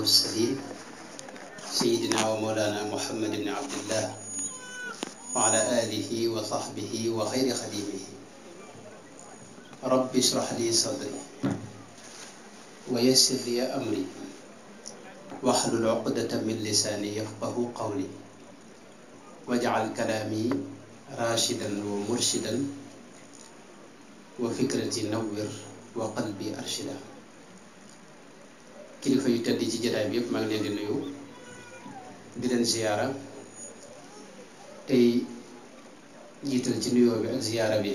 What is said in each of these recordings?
القلب سيدنا ومولانا محمد بن عبد الله وعلى آله وصحبه وخير خديمه رب اشرح لي صدري ويسر لي أمري واحلل عقدة من لساني يفقه قولي واجعل كلامي راشدا ومرشدا وفكرتي نور وقلبي أرشدا kilifa yu tëdd ci jataay bi yëpp maa ngi leen di nuyu di leen ziyaara tey jiital ci nuyoo bi ak ziyaara bi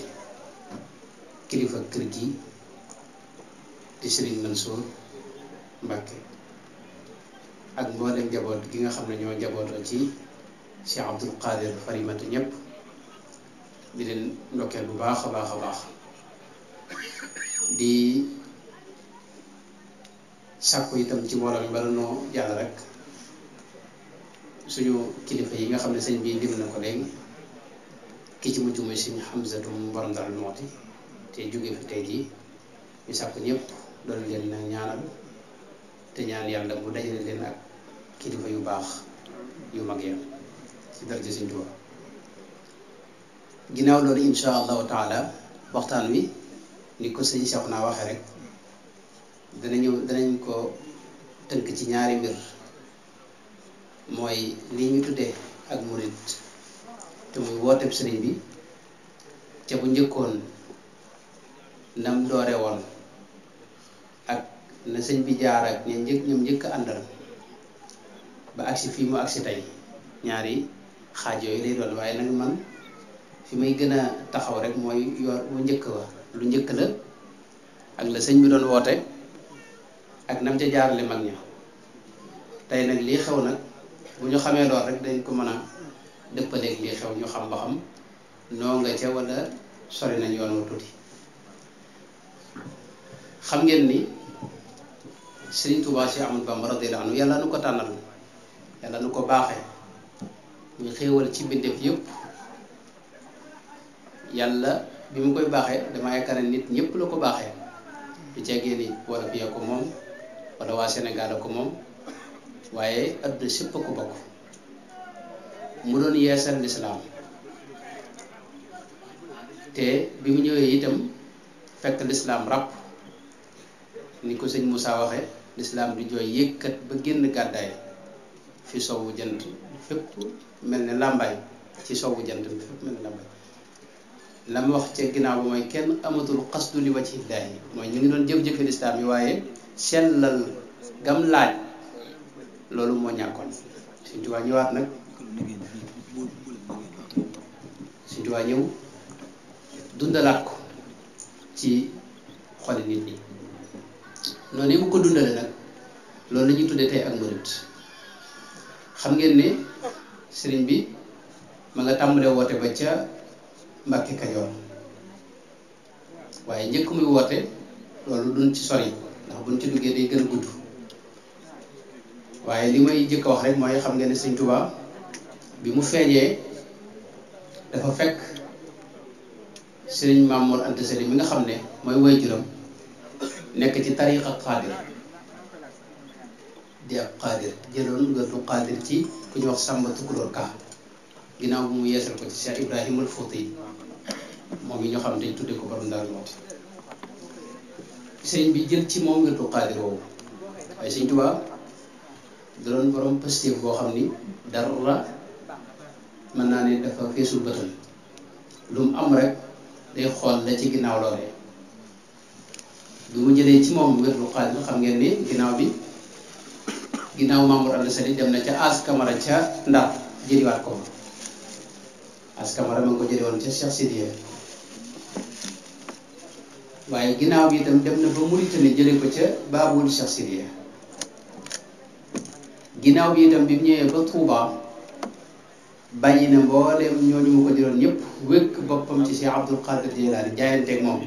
kilifa kër gi di Serigne Mansour Mbacke ak mboolem njaboot gi nga xam ne ñoo njabootoo ci Cheikh Abdoul Qadir Farimata ñëpp di leen ndokkeel bu baax a baax a baax di. sàkku itam ci mbooloo mi bala noo jàll rek suñu kilifa yi nga xam ne sëñ bi dim na ko léegi ki ci mujj mooy sëñ Hamzatu mu borom Darou Mouhty te jóge fi tey jii ñu sàkku ñépp doon leen na ñaanal te ñaan yàlla mu dajale leen ak kilifa yu baax yu mag ya ci daraja sëñ Tuubaa ginnaaw loolu insha allahu taala waxtaan wi ni ko sëñ Cheikh naa waxee rek ñëw danañ ko tënk ci ñaari mbir mooy lii ñu tuddee ak murit te muy wooteeb sëriñ bi ca bu njëkkoon nam doore woon ak na sëñ bi jaar ak ñoom njëkk ñoom njëkk àndal ba agsi fii mu agsi tey ñaari xaaj yooyu lay doon waaye nag man fi may gën a taxaw rek mooy yoor bu lu njëkk la ak la sëñ bi doon woote ak nam ca jaarale mag ña tey nag lii xew nag bu ñu xamee lool rek dañ ko mën a dëppaleeg lii xew ñu xam ba xam noo nga ca wala sori nañ yoon wa tuuti xam ngeen ni Sëriñ Tuubaa Séex Ahmadu Bamba radiyallaahu anhu yàlla nu ko tànnal yàlla nu ko baaxee ñu xéewal ci bindeef yëpp yàlla bi mu koy baaxee dama yaakaar ne nit ñëpp la ko baaxee du ceegee ni wala bi ko moom wala waa Sénégal ko moom waaye adduna sépp ko bokk mu doon yeesal lislaam te bi mu ñëwee itam fekk lislaam ràpp ni ko sëñ musaa waxe lislaam di jooy yëkkat ba génn gàddaay fi sowwu jant fépp mel ne làmbaay ci sowwu jant bi fépp mel ne làmbaay la wax ca ginnaaw ba mooy kenn amatul xasdu li wajhillaahi mooy ñu ngi doon jëf-jëfe lislaam yi waaye sellal gam laaj loolu moo ñàkkoon Sëñ Tuubaa ñëwaat nag Sëñ ñëw dundalaat ko ci xoli nit ñi noonu yi mu ko dundale nag loolu la ñuy tuddee tey ak murit xam ngeen ne sëriñ bi ma nga tàmbalee woote ba ca Mbàkke Kajoor waaye njëkk muy woote loolu duñ ci sori ndax buñ ci duggee day gën a gudd waaye li may jëkk wax rek mooy xam nga ne sëñ Tuubaa bi mu feeñee dafa fekk sëriñ Mamour Anta Sali mi nga xam ne mooy waajuram nekk ci tariqa xaadir di ab xaadir jëloon gëtu xaadir ci ku ñu wax Samba Tukulóor Ka ginnaaw bu mu yeesal ko ci Cheikh Ibrahima al Fouti moom yi ñu xam dañ tudde ko borom Daaru Muxti sëriñ bi jël ci moom wirdu xaadir woowu waaye sëriñ Tuubaa da doon borom positif boo xam ni dara mën naa ni dafa feesul bëtam lu mu am rek day xool la ci ginnaaw loolee bi mu jëlee ci moom wirdu xaadir xam ngeen ni ginnaaw bi ginnaaw Mamour Anta Sali dem na ca As Camara ca Ndar jëriwaat ko As Camara ma ngi ko jëriwoon ca Cheikh Sidiya waaye ginnaaw bi itam dem na ba Mauritanie jële ko ca Babul Chassiriya ginnaaw bi itam bi mu ñëwee ba Touba bàyyi na mboolem ñooñu ma ko jëloon ñëpp wékk boppam ci Cheikh Abdul Qadir Jilani jaayanteeg moom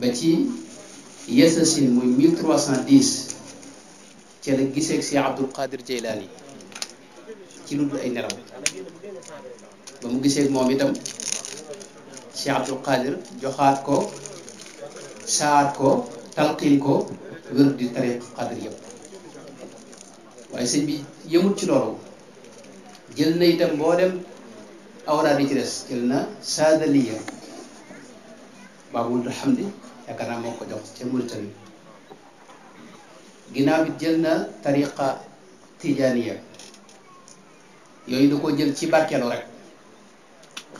ba ci Yassin muy 1310 ci la gisee ak Cheikh Abdul Qadir ci lu dul ay nelaw ba mu gisee moom itam. Cheikh Abdou Qadir joxaat ko saar ko talqiin ko wér di tariq Qadir yëpp waaye sëñ bi yëmut ci loolu jël na itam boo dem awraad ci des jël na saadaliya Baabul Hamdi yaakaar naa moo ko jox ca Mauritanie ginnaaw bi jël na tariqa tijaaniya yooyu da koo jël ci barkeelu rek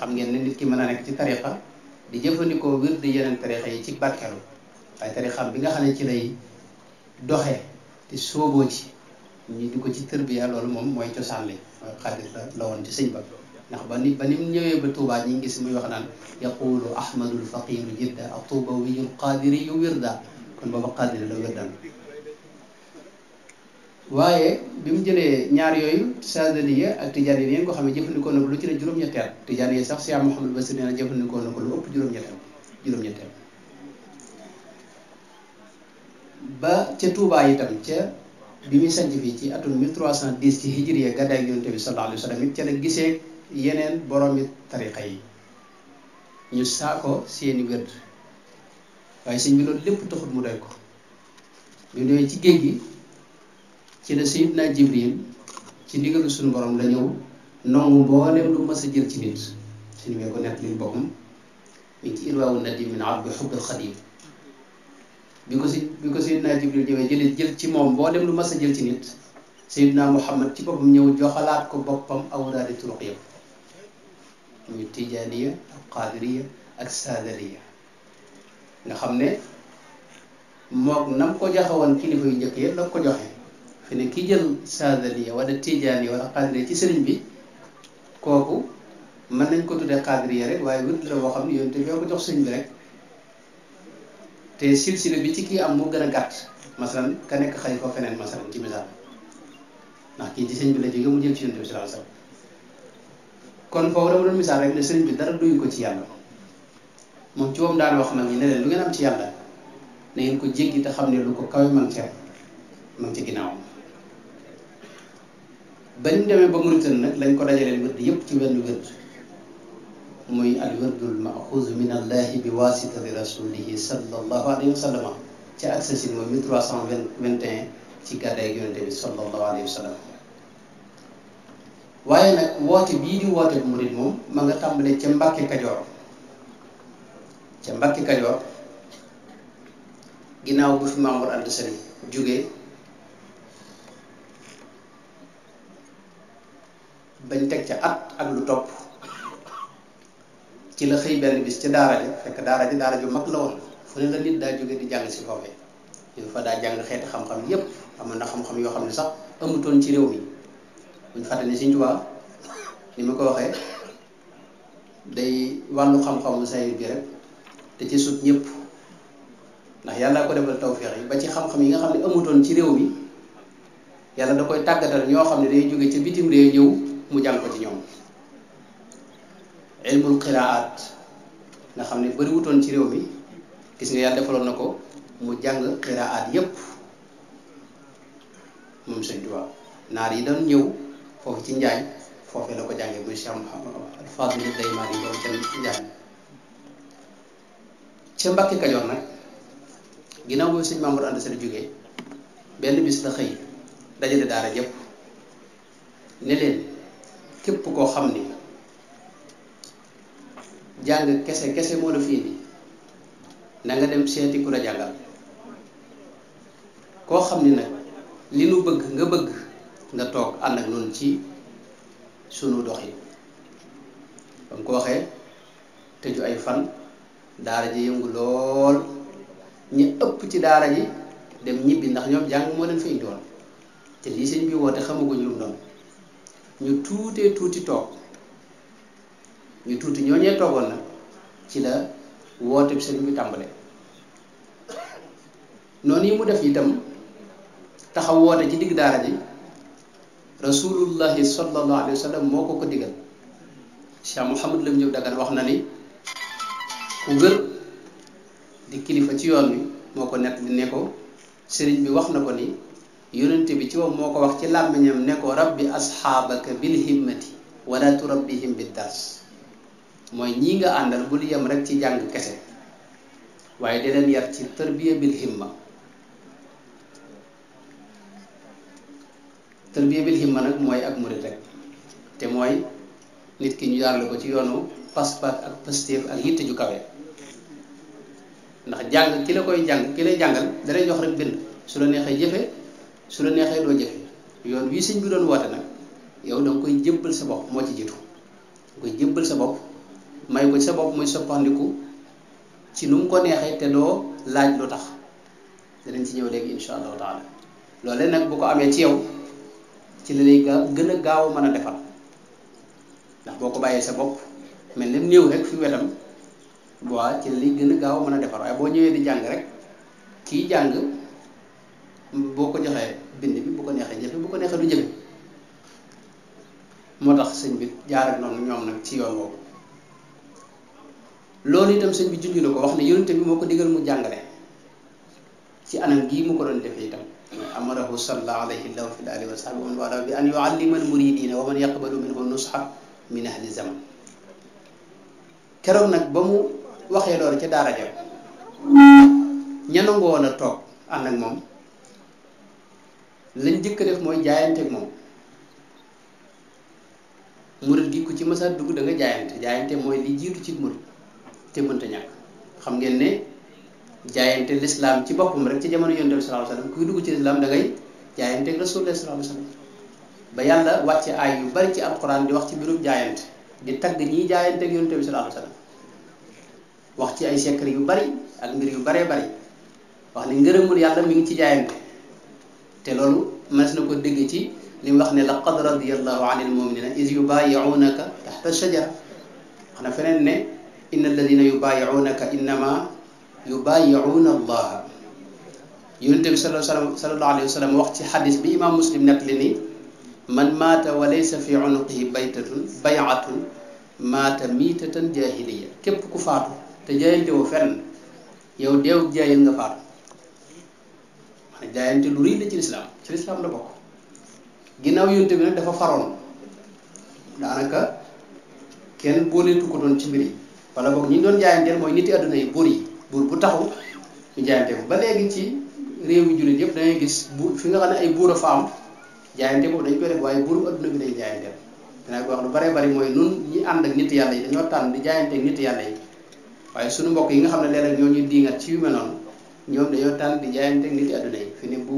xam ngeen ne nit ki mën a nekk ci tariqa di jëfandikoo wir di yeneen tariqa yi ci barkeelu waaye tariqam bi nga xam ci lay doxe te soogoo ci ñu ko ci terbiya loolu moom mooy cosaan li mooy xadir la ci sëñ ba ndax ba ni ba ni mu ñëwee ba Touba ñi ngi gis muy wax naan yaqulu ahmadul faqiru jidda atuba wiyul qadiri yu wirda kon booba qadiri la wirdaan waaye bi mu jëlee ñaar yooyu sadaniya ak tijaani yi nga xam ne jëfandikoo na ko lu ci ne juróom-ñetteel tijaani yi sax Cheikh Mouhamadou Bassir nee na jëfandikoo na ko lu ëpp juróom-ñetteel juróom-ñetteel ba ca Touba itam ca bi muy sanc fii ci atum 1310 ci hijriya gàddaay yonent bi sallallahu alayhi wa sallam it ca la gisee yeneen boroomi tariqa yi ñu saako seeni wërd waaye sëñ bi loolu lépp taxut mu doy ko ñu doy ci géej gi ci la Sayyidna Jibril ci ndigalu suñu borom la ñëw nangu mboolem lu mës jël ci nit suñu mee ko nekk liñ boppam mi ngi ci irwaawu nadim min abdi bi ko si bi ko Sayyidna Jibril ñëwee jëlee jël ci moom mboolem lu mës a jël ci nit Sayyidna Muhammad ci boppam ñëw joxalaat ko boppam awraadi turuq yëpp muy tijaaniya ak qaadiriya ak saadariya nga xam ne mook nam ko joxe woon kilifa yu njëkk yëpp ko joxe te ne ki jël saadaliya wala tijaaniya wala xaadiriya ci sëriñ bi kooku mën nañ ko tuddee xaadiriya rek waaye wird la boo xam ne yoon te ñoo ko jox sëriñ bi rek te silsila bi ci kii am moo gën a gàtt masalan ka nekk xalifa feneen masalan ci misaal ndax kii ci sëriñ bi la jóge mu jël ci yonent bi kon foofu dama doon misaal rek ne sëriñ bi dara doyu ko ci yàlla moom ci moom daan wax nag ñi ne leen lu ngeen am ci yàlla na ngeen ko jéggi te xam ne lu ko kawe man ca ci ginnaawam ba ñu demee ba Mauritanie nag lañ ko dajaleen wird yëpp ci benn wird muy al wirdul min allahi bi waasitati rasulihi sallallahu alayhi wa sallam ci accès si mooy 1321 ci gàddaay ak yonente bi sallallahu alayhi wa sallam waaye nag woote bii di woote bu murit moom ma nga tàmbalee ca Mbàkke Kajoor ca Mbàkke Kajoor ginnaaw bu fi Mamour Anta Sali jógee bañ teg ca at ak lu topp ci la xëy benn bis ci daara ji fekk daara ji daara ju mag la woon fu ne la nit daa jóge di jàng si foofee ñu fa daa jàng xeeti xam-xam yépp amoon na xam yoo xam ne sax amutoon ci réew mi buñ fàttali Sëñ Tuubaa ni ma ko waxee day wàllu xam-xamu sayir bi te ci sut ñëpp ndax yàlla ko defal tawféex yi ba ci xam yi nga xam ne amutoon ci réew mi yàlla da koy tàggatal ñoo xam ne day jóge ca bitim réew ñëw mu jàng ko ci ñoom ilmul nga xam ne bëri ci réew mi gis nga yàlla defaloon na ko mu jàng qiraat yépp moom sëñ Tuubaa naar yi doon ñëw foofu ci njaañ foofee la ko jàngee muy Cheikh Mouhamed Fadil Daymaan yi doon dem ca Mbàkke Kajoor nag ginnaaw boobu sëñ Mamour Anta Sali jógee benn bis la xëy dajale daara yépp ne leen képp koo xam ni jàng kese kese moo la fii ni na nga dem seeti ku la jàngal koo xam ni nag li nu bëgg nga bëgg nga toog ànd ak noonu ci sunu dox yi ba mu ko waxee tëju ay fan daara ji yëngu lool ñi ëpp ci daara ji dem ñibbi ndax ñoom jàng moo leen fi indiwoon te lii sëñ bi woote xamaguñ lu mu doon ñu tuutee tuuti toog ñu tuuti ñooñee toogoon na ci la woote bi sëñ bi tàmbale noonu yi mu def itam taxaw woote ci digg daara ji rasulullahi sallallahu alayhi moo ko ko digal Cheikh Mouhamadou Lamine Diop Dagana wax na ni ku gër di kilifa ci yoon wi moo ko nett li ne ko sëriñ bi wax na ko ni yonente bi ci mom moko wax ci làmmiñam ne ko rabbi asxaabaka bil himmati wala turabbihim bid dars moy ñi nga àndal bul yam rek ci jang kese waye de leen yar ci tarbiya bil himma tarbiya bil himma nak moy ak murid rek te moy nit ki ñu jaarle ko ci yoonu pas-pas ak pastéef ak yitte ju kawé ndax jang ki la koy jang ki lay jangal dara jox rek bind su la nexé jëfé su la neexee doo jafe yoon wii sëñ bi doon woote nag yow da koy jëbbal sa bopp moo ci jiitu nga koy jëbbal sa bopp may ko sa bopp muy soppandiku ci nu mu ko neexee te doo laaj lu tax danañ ci ñëw léegi insha allahu taala loole nag boo ko amee ci yow ci la lay gën a gaaw mën a defal ndax boo ko bàyyee sa bopp mel ni néew rek fi wetam waa ci la gën a gaaw mën a defal waaye boo ñëwee di jàng rek kii jàng boo ko joxee bind bi bu ko neexee jëfe bu ko neexee du jëfe moo tax sëñ bi jaaree noonu ñoom nag ci yoon boobu loolu itam sëñ bi junj na ko wax ne yonente bi moo ko digal mu jàngale ci anam gii mu ko doon defee itam amarahu sallallahu alayhi wa fi alihi wa sahbihi wa wala bi an yuallima al muridina wa man yaqbalu minhu nusha min ahli zaman keroog nag ba mu waxee loolu ca daara ja ña nangoo a toog ànd ak moom lañ njëkk a def mooy jaayanteeg moom murit gi ku ci masa dugg da nga jaayante jaayante mooy li jiitu ci murit te mënta ñàkk xam ngeen ne jaayante lislaam ci boppam rek ci jamono yonte bi sallallahu alayhi wasallam kuy dugg ci lislaam da ngay jaayanteeg rasulullah sallallahu alayhi wasallam ba yàlla wàcce aay yu bari ci alquran di wax ci mbirum jaayante di tagg ñiy jaayanteeg yonte bi sallallahu alayhi wasallam wax ci ay secret yu bari ak mbir yu baree bari wax ni ngërëmul yàlla mi ngi ci jaayante te loolu mas na ko dégg ci li mu wax ne laqad radiyallahu anil muminina is yubayiunaka taxta shajara xana feneen ne inna alladina yubayiunaka innama yubayiuna allaha yonente bi sal sallallahu alayhi wa sallam wax ci xadis bi imam muslim nett li ni man maata wa laysa fi unuqihi baytatun bayatun maata miitatan jahiliya képp ku faatu te jaayante woo fenn yow deew jaayil nga faatu jaayante lu rëy la ci lislaam ci lislaam la bokk ginnaw yonte bi nag dafa faroon daanaka kenn booleetu ko doon ci mbir yi wala boog ñi doon jaayanteel mooy nit yi yi buur yi buur bu taxaw ñu jaayante ko ba léegi ci réew yu jullit yëpp dangay gis bu fi nga xam ne ay buur a fa am jaayante dañ koy def waaye buuru adduna bi dañ jaayanteel dinaa ko wax lu bare bari mooy nun ñi ànd ak nit yàlla yi dañoo tànn li jaayante ak nit yàlla yi waaye suñu mbokk yi nga xam ne léeg-léeg ñoo ci noonu ñoom dañoo tànn di jaayante nit yi àdduna yi fi ne bu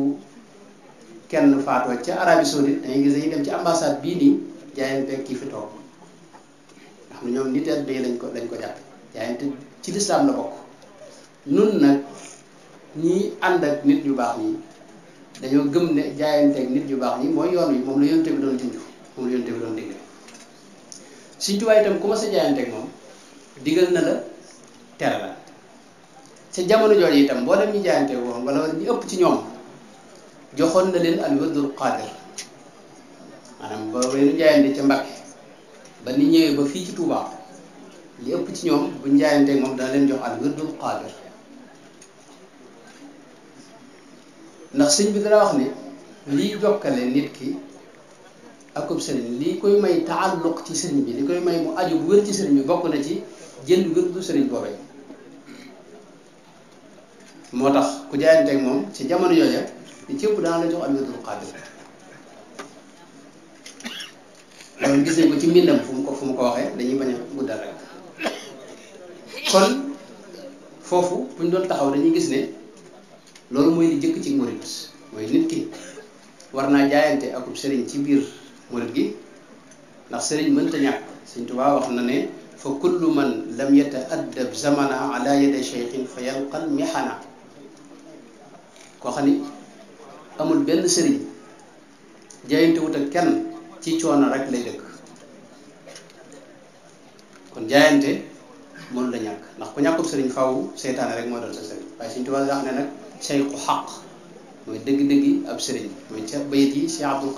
kenn faatoo ca Arabie Saoudite dañuy gis dañuy dem ci ambassade bii nii jaayante kii fi toog nga xam ñoom nit lañ ko lañ ko jàpp ci lislaam la ñi ànd ak nit ñu baax ñi dañoo gëm ne jaayante ak nit ñu baax ñi mooy yoon wi moom la yonte bi doon junj moom la yonte bi doon digle suñ tubaay itam ku sa jaayante moom digal na la tere la ca jamono jooju itam mboolem ñu jaayante woon wala wala ñu ëpp ci ñoom joxoon na leen al wirdul qaadir maanaam ba leen jaayante ca Mbàkke ba ni ñëwee ba fii ci tuubaab li ëpp ci ñoom buñ jaayanteeg moom dana leen jox al wirdul qaadir ndax sëñ bi dana wax ni lii jokkale nit ki akub sëriñ lii koy may taalluq ci sëriñ bi li koy may mu aju wér ci sëriñ bi bokk na ci jël wirdu sëriñ boobee moo tax ku jaayanteeg moom ci jamono yooya ñu cëpp daan la jox Amiirul Qaadir loolu gis nañ ko ci mbindam fu mu ko fu mu ko waxee dañuy bañ a guddal rek kon foofu bu ñu doon taxaw dañuy gis ne loolu mooy li jëkk ci murit mooy nit ki war naa jaayante akub sëriñ ci biir murit gi ndax sëriñ mënta ñàkk Sëriñ Tuubaa wax na ne fa kullu man lam yata addab zamana ala yadi cheikhin fa yalqal mihana koo xam ni amul benn sëriñ jaayante wut ak kenn ci coono rek lay dëkk kon jaayante mënu la ñàkk ndax ku ñàkkub sëriñ faw seytaane rek moo doon sa sëriñ waaye suñ tubaab nga xam ne nag seyku xaq mooy dëgg-dëggi ab sëriñ mooy ca bayit yi Cheikh Abdul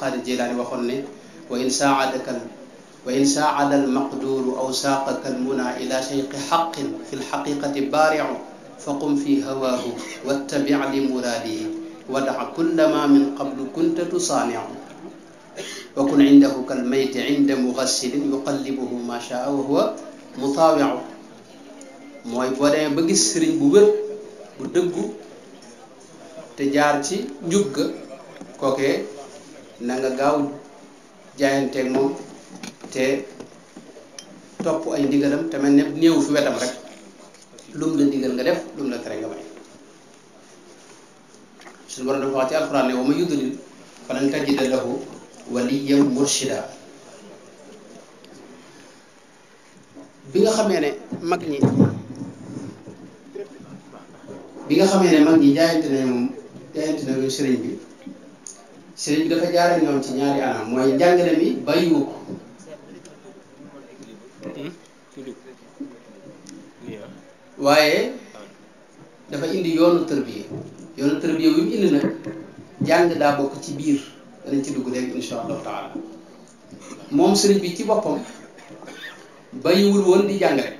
waxoon ne wa in saadaka wa in aw saaqaka al muna ila seyqi xaqin fi lxaqiqati baariu فقم في هواه واتبع لمراده ودع كل ما من قبل كنت تصانع وكن عنده كالميت عند مغسل يقلبه ما شاء وهو مطاوع موي بودي بغي سيرن بو وير بو دغ تي جار سي نيوغ كوكي نغا غاو جاينتك موم تي توپ اي ديغلام تامن نيو في ويتام رك lu la digal nga def lu la tere nga bàyyi suñu borom dafa wax ci alxuraan ne wa man yudlil falan tajida lahu waliyan murshida bi nga xamee ne mag ñi bi nga xamee ne mag ñi jaayante nañu moom jaayante nañu sëriñ bi sëriñ bi dafa jaaree ñoom ci ñaari anam mooy njàngale mi bàyyiwu ko hmm? waaye dafa indi yoonu tërbiye yoonu tërbiye wi mu indi nag jàng daa bokk ci biir danañ ci dugg léegi insha allahu taala moom sëriñ bi ci boppam bàyyiwul woon di jàngale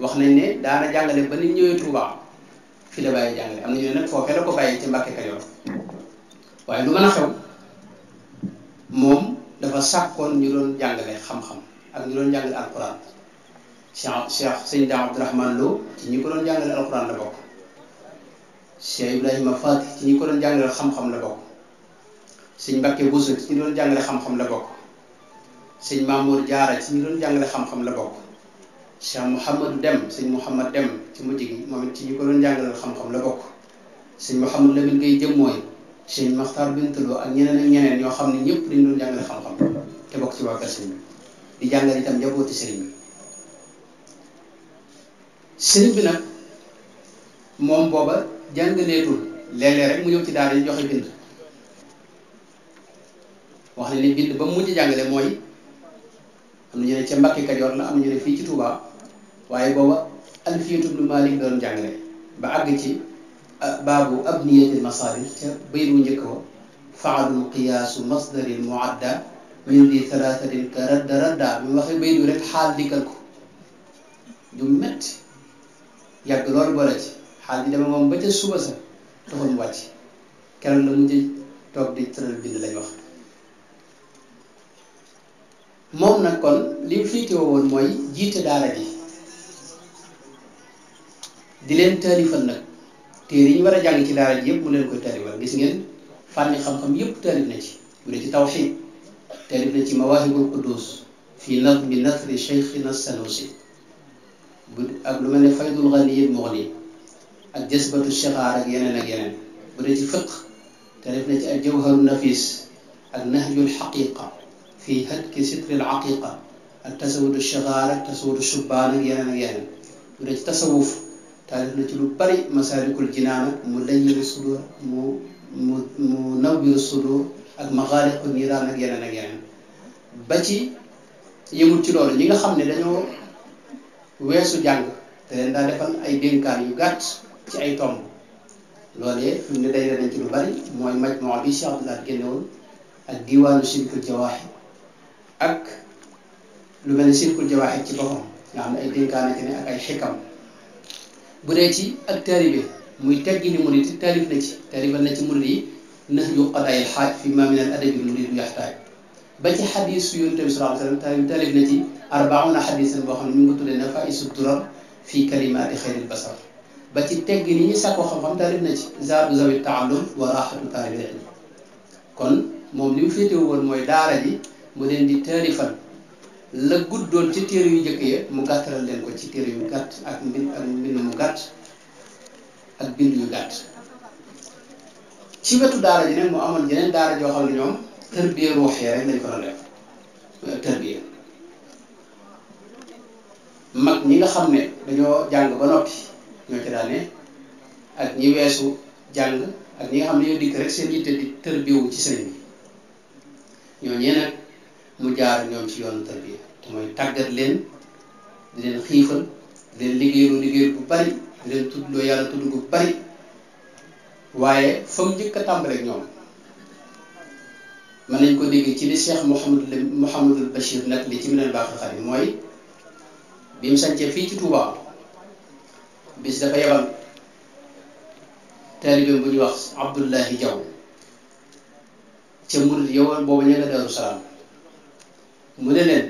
wax nañ ne daana jàngale ba nit ñëwee Touba fi la bàyyi jàngale am na ñu ne nag foofee la ko bàyyi ci Mbàkke Kajoor waaye lu mën xew moom dafa sàkkoon ñu doon jàngale xam-xam ak ñu doon jàngale alquran cheikh cheikh sëñ Daam Abdourahman Lo ci ñu ko doon jàngale alxuraan la bokk cheikh Ibrahima Fati ci ñi ko doon jàngale xam-xam la bokk sëñ Mbàkke Bousso ci ñi doon jàngale xam-xam la bokk sëñ Mamour Diarra ci ñi doon xam-xam la bokk cheikh Mouhamadou Dem sëñ Mouhamad Dem ci mujj gi moom ci ñi ko doon jàngale xam-xam la bokk sëñ Mouhamad Lamine Gueye jëm mooy sëñ Maxtaar Bintaloo ak ñeneen ak ñeneen ñoo xam ne ñëpp dañu doon jàngale xam-xam te bokk ci waa kër sëñ bi di jàngale itam njabooti sëriñ sëriñ bi moom booba jàngaleetul léeg rek mu ñëw ci daara yi joxe bind wax ne ni bind ba mu mujj jàngale mooy am na ñu ne ca Mbàkke Kajoor la am ñu ne fii ci Touba waaye booba alfiyatu ibnu Maalik doon jàngale ba àgg ci baabu abniyatil masadir ca bayit wu njëkk wa faalul qiyaasu masdarin muadda min di thalathatin ka radda radda mu waxee bayit wi rek xaal dikkal ko ju metti yàgg loolu boole ci xaal di dama moom ba ca suba sa taxul mu wàcc keroog la mujj toog moom nag kon li fiitewoo woon mooy jiite daara ji di leen taalifal nag téere yi ñu war a jàng ci daara ji yëpp mu leen koy taalifal gis ngeen fànni xam-xam yëpp taalif na ci bu dee ci tawxiid taalif na ci mawaahibul quddus fii nazmi nasri cheikhina sanusi bu ak lu mel ne faydul ghani al mughni ak jasbatu shixaar ak yeneen ak yeneen bu dee ci fiq te def na ci al jawharu nafis ak nahjul xaqiqa fii hatki sitri al aqiqa ak tasawudu shixaar ak tasawudu shubbaan ak yeneen ak yeneen bu dee ci tasawuf taalif na ci lu bari masaalikul jinaan mu layyinu sudur mu mu mu nawwiru ak maxaaliqu niiraan ak yeneen ak yeneen ba ci yëmul ci loolu ñi nga xam ne dañoo weesu jàng te leen daa defal ay dénkaan yu gàtt ci ay tomb loolee fi mu ne day nañ ci lu bari mooy majmoo bi Cheikh Abdoulaye génnewoon ak diwaanu sirkul jawaaxi ak lu mel ne jawaaxi ci boppam nga xam ne ay dénkaan ci ne ak ay xikam bu dee ci ak taalibe muy teggi ni murid taalif na ci taalifal na ci murid yi nax yu ay xaaj fi ma minal adabi murid yaxtaaj ba ci xadis yu yonent bi taalif na ci arbauna xadisan boo xam ne ñu ngi ko tuddee nafaisu durar fii kalimaati xayril basar ba ci teg ni ñuy sàkkoo xam-xam taalif na ci zaadu zawi taallum wa raxatu taalibil li mu woon mooy daara ji mu leen di taalifal la guddoon ci téere yu njëkk ya mu gàttaral leen ko ci téere yu gàtt ak mbind mu gàtt ak bind yu gàtt ci wetu daara ji nag mu amoon yeneen daara joo xam ne ñoom tërbiya ruux yi rek lañ ko doon tërbiya mag ñi nga xam ne dañoo jàng ba noppi ñoo ci daane ak ñi weesu jàng ak ñi nga xam ne ñoo dikk rek seen yitte di tërbiyawu ci sëriñ bi ñoo ñee mu jaar ñoom ci yoonu tërbiya te mooy tàggat leen di leen xiifal leen liggéeyu liggéeyu bu bari di leen tuddloo yàlla tudd bu bari waaye fa mu njëkk a tàmbaleek ñoom mën nañ ko déggee ci li Cheikh Mouhamadul Mouhamadul Bachir nag li ci Minanul Baaqil Qadiim mooy bi mu sañcee fii ci Touba bis dafa yebal taalibeem bu ñuy wax Abdullahi Diaw ca murid yow boobu ña nga mu ne leen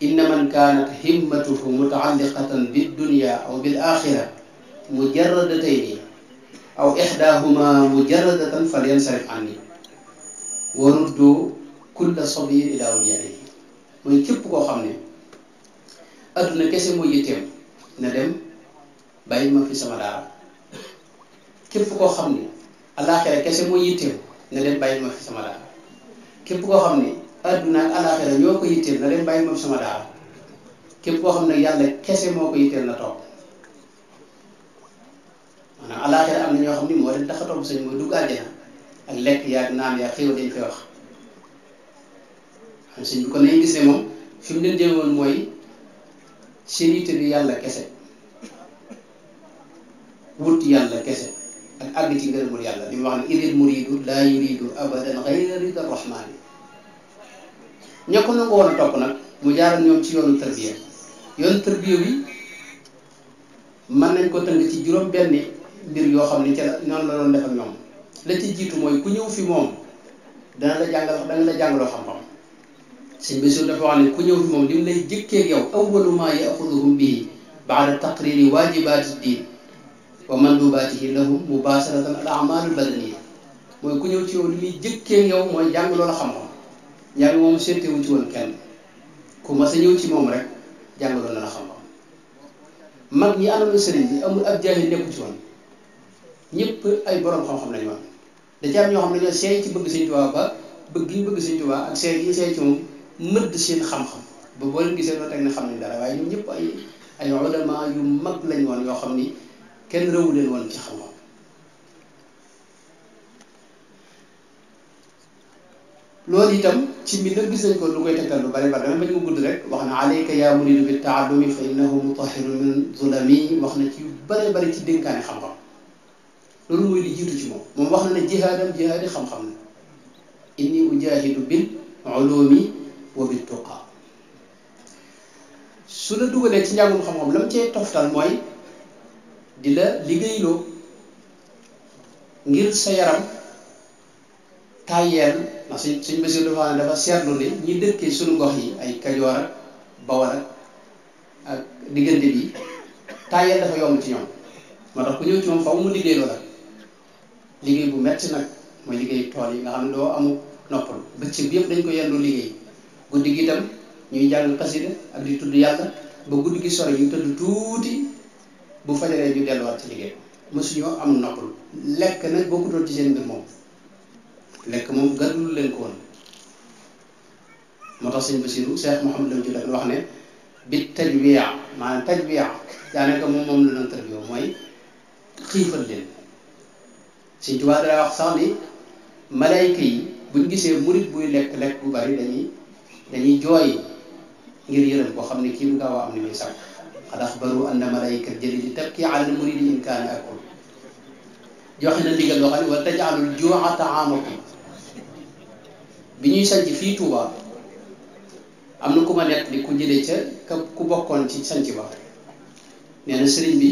inna man kaanat himmatuhu mutaalliqatan bid dunya aw bil axira mujarradatayni aw ixdaahuma mujarradatan falyansarif anni wa ruddu kulla sabiyin ila awliyaihi mooy képp koo xam ne adduna kese mooy na dem bàyyi ma fi sama képp koo xam ne alaaxira kese mooy yitteem na dem bàyyi ma fi sama daara képp koo xam ne adduna ak alaaxira ñoo ko yitteel na dem bàyyi ma fi sama daara képp koo xam ne yàlla kese moo ko yitteel na toog maanaam alaaxira am na ñoo xam ne moo leen tax a toog mooy dugg àjjana ak lekk yaag naan yaa xéwal dañ koy wax xam suñ bi kon nañ gis ne moom fi mu leen jëmoon mooy seen yitte bi yàlla kese wut yàlla kese ak àgg ci ngërëmul yàlla li mu wax ne idil muridu laa yuridu abadan xayra rida rahmaani ña ko nangu woon a topp nag mu jaaral ñoom ci yoonu tarbiya yoonu tarbiya bi mën nañ ko tënk ci juróom benn mbir yoo xam ne ca la noonu la doon defal ñoom la ci jiitu mooy ku ñëw fi moom dana la jàngal dana la jàngaloo xam-xam sëñ Basiru dafa wax ne ku ñëw fi moom li mu lay jëkkee yow awwalu maa yaxuduhum bihi baada taqriri waajibaati diin wa mandubaatihi lahum mubaasaratan al amaalul badaniya mooy ku ñëw ci yow li muy jëkkee yow mooy jàng loola xam-xam njàng moom seetewuñ ci woon kenn ku mas a ñëw ci moom rek jàng loola la xam-xam mag ñi àndoon sëriñ bi amul ab jaahil nekku ci woon ñëpp ay borom xam-xam lañu woon da ci am xam ne dañoo seey ci bëgg Sëñ Tuubaa bëgg gi ñu bëgg Sëñ Tuubaa ak seey yi seey ci moom mëdd seen xam-xam ba boo leen rek ne xam dara waaye ñoom ay yu mag lañ woon yoo xam ni kenn rëwu leen woon ci xam-xam loolu itam ci mbir nag gis nañ ko lu koy tegtal lu bari bari dama bañ mu gudd rek wax na alayka yaa muridu bi taallumi fa innahu mutahirun min zulami wax na ci yu bari bari ci dénkaane xam-xam loolu mooy li jiitu ci moom moom wax na ne jihaadam jihaadi xam-xam la inni ujaahidu bil ulumi wa bit tuqa su la dugalee ci njàngum xam-xam la mu cee toftal mooy di la liggéeyloo ngir sa yaram tàyyeel ndax suñ suñ bés dafa dafa seetlu ne ñi dëkkee suñu gox yi ay Kajoor ak Bawol ak diggante bi tàyyeel dafa yomb ci ñoom moo ku ñëw ci moom faw mu liggéeyloo la liggéey bu metti nag mooy liggéey tool yi nga xam ne amu noppal bëccëg bi yëpp dañ ko yendoo liggéey guddi gi itam ñuy jàng xasida ak di tudd yàlla ba guddi gi sore ñu tëdd tuuti bu fajaree ñu delluwaat ci liggéey mosuñoo am noppal lekk nag bokkutoon ci seen mbir moom lekk moom garul leen ko woon moo tax sëñ Basiru Cheikh Mouhamadou Lam Julle wax ne bi tajwiya maanaam tajwiya daanaka moom moom la doon tarbiyoo mooy xiifal leen Sëñ Tuubaa dana wax sax ni malayka yi buñ gisee murit buy lekk lekk bu bari dañuy dañuy jooy ngir yërëm koo xam ne kii bu gaaw a am ni muy sàkk qad axbaru anna malayka jalili tabki ala muridi in kaana akul joxe na ndigal loo xam ne wala tajaalul juuxa taamakum bi ñuy sanc fii Touba am na ku ma nett li ku jëlee ca ku bokkoon ci sanc ba nee sëriñ bi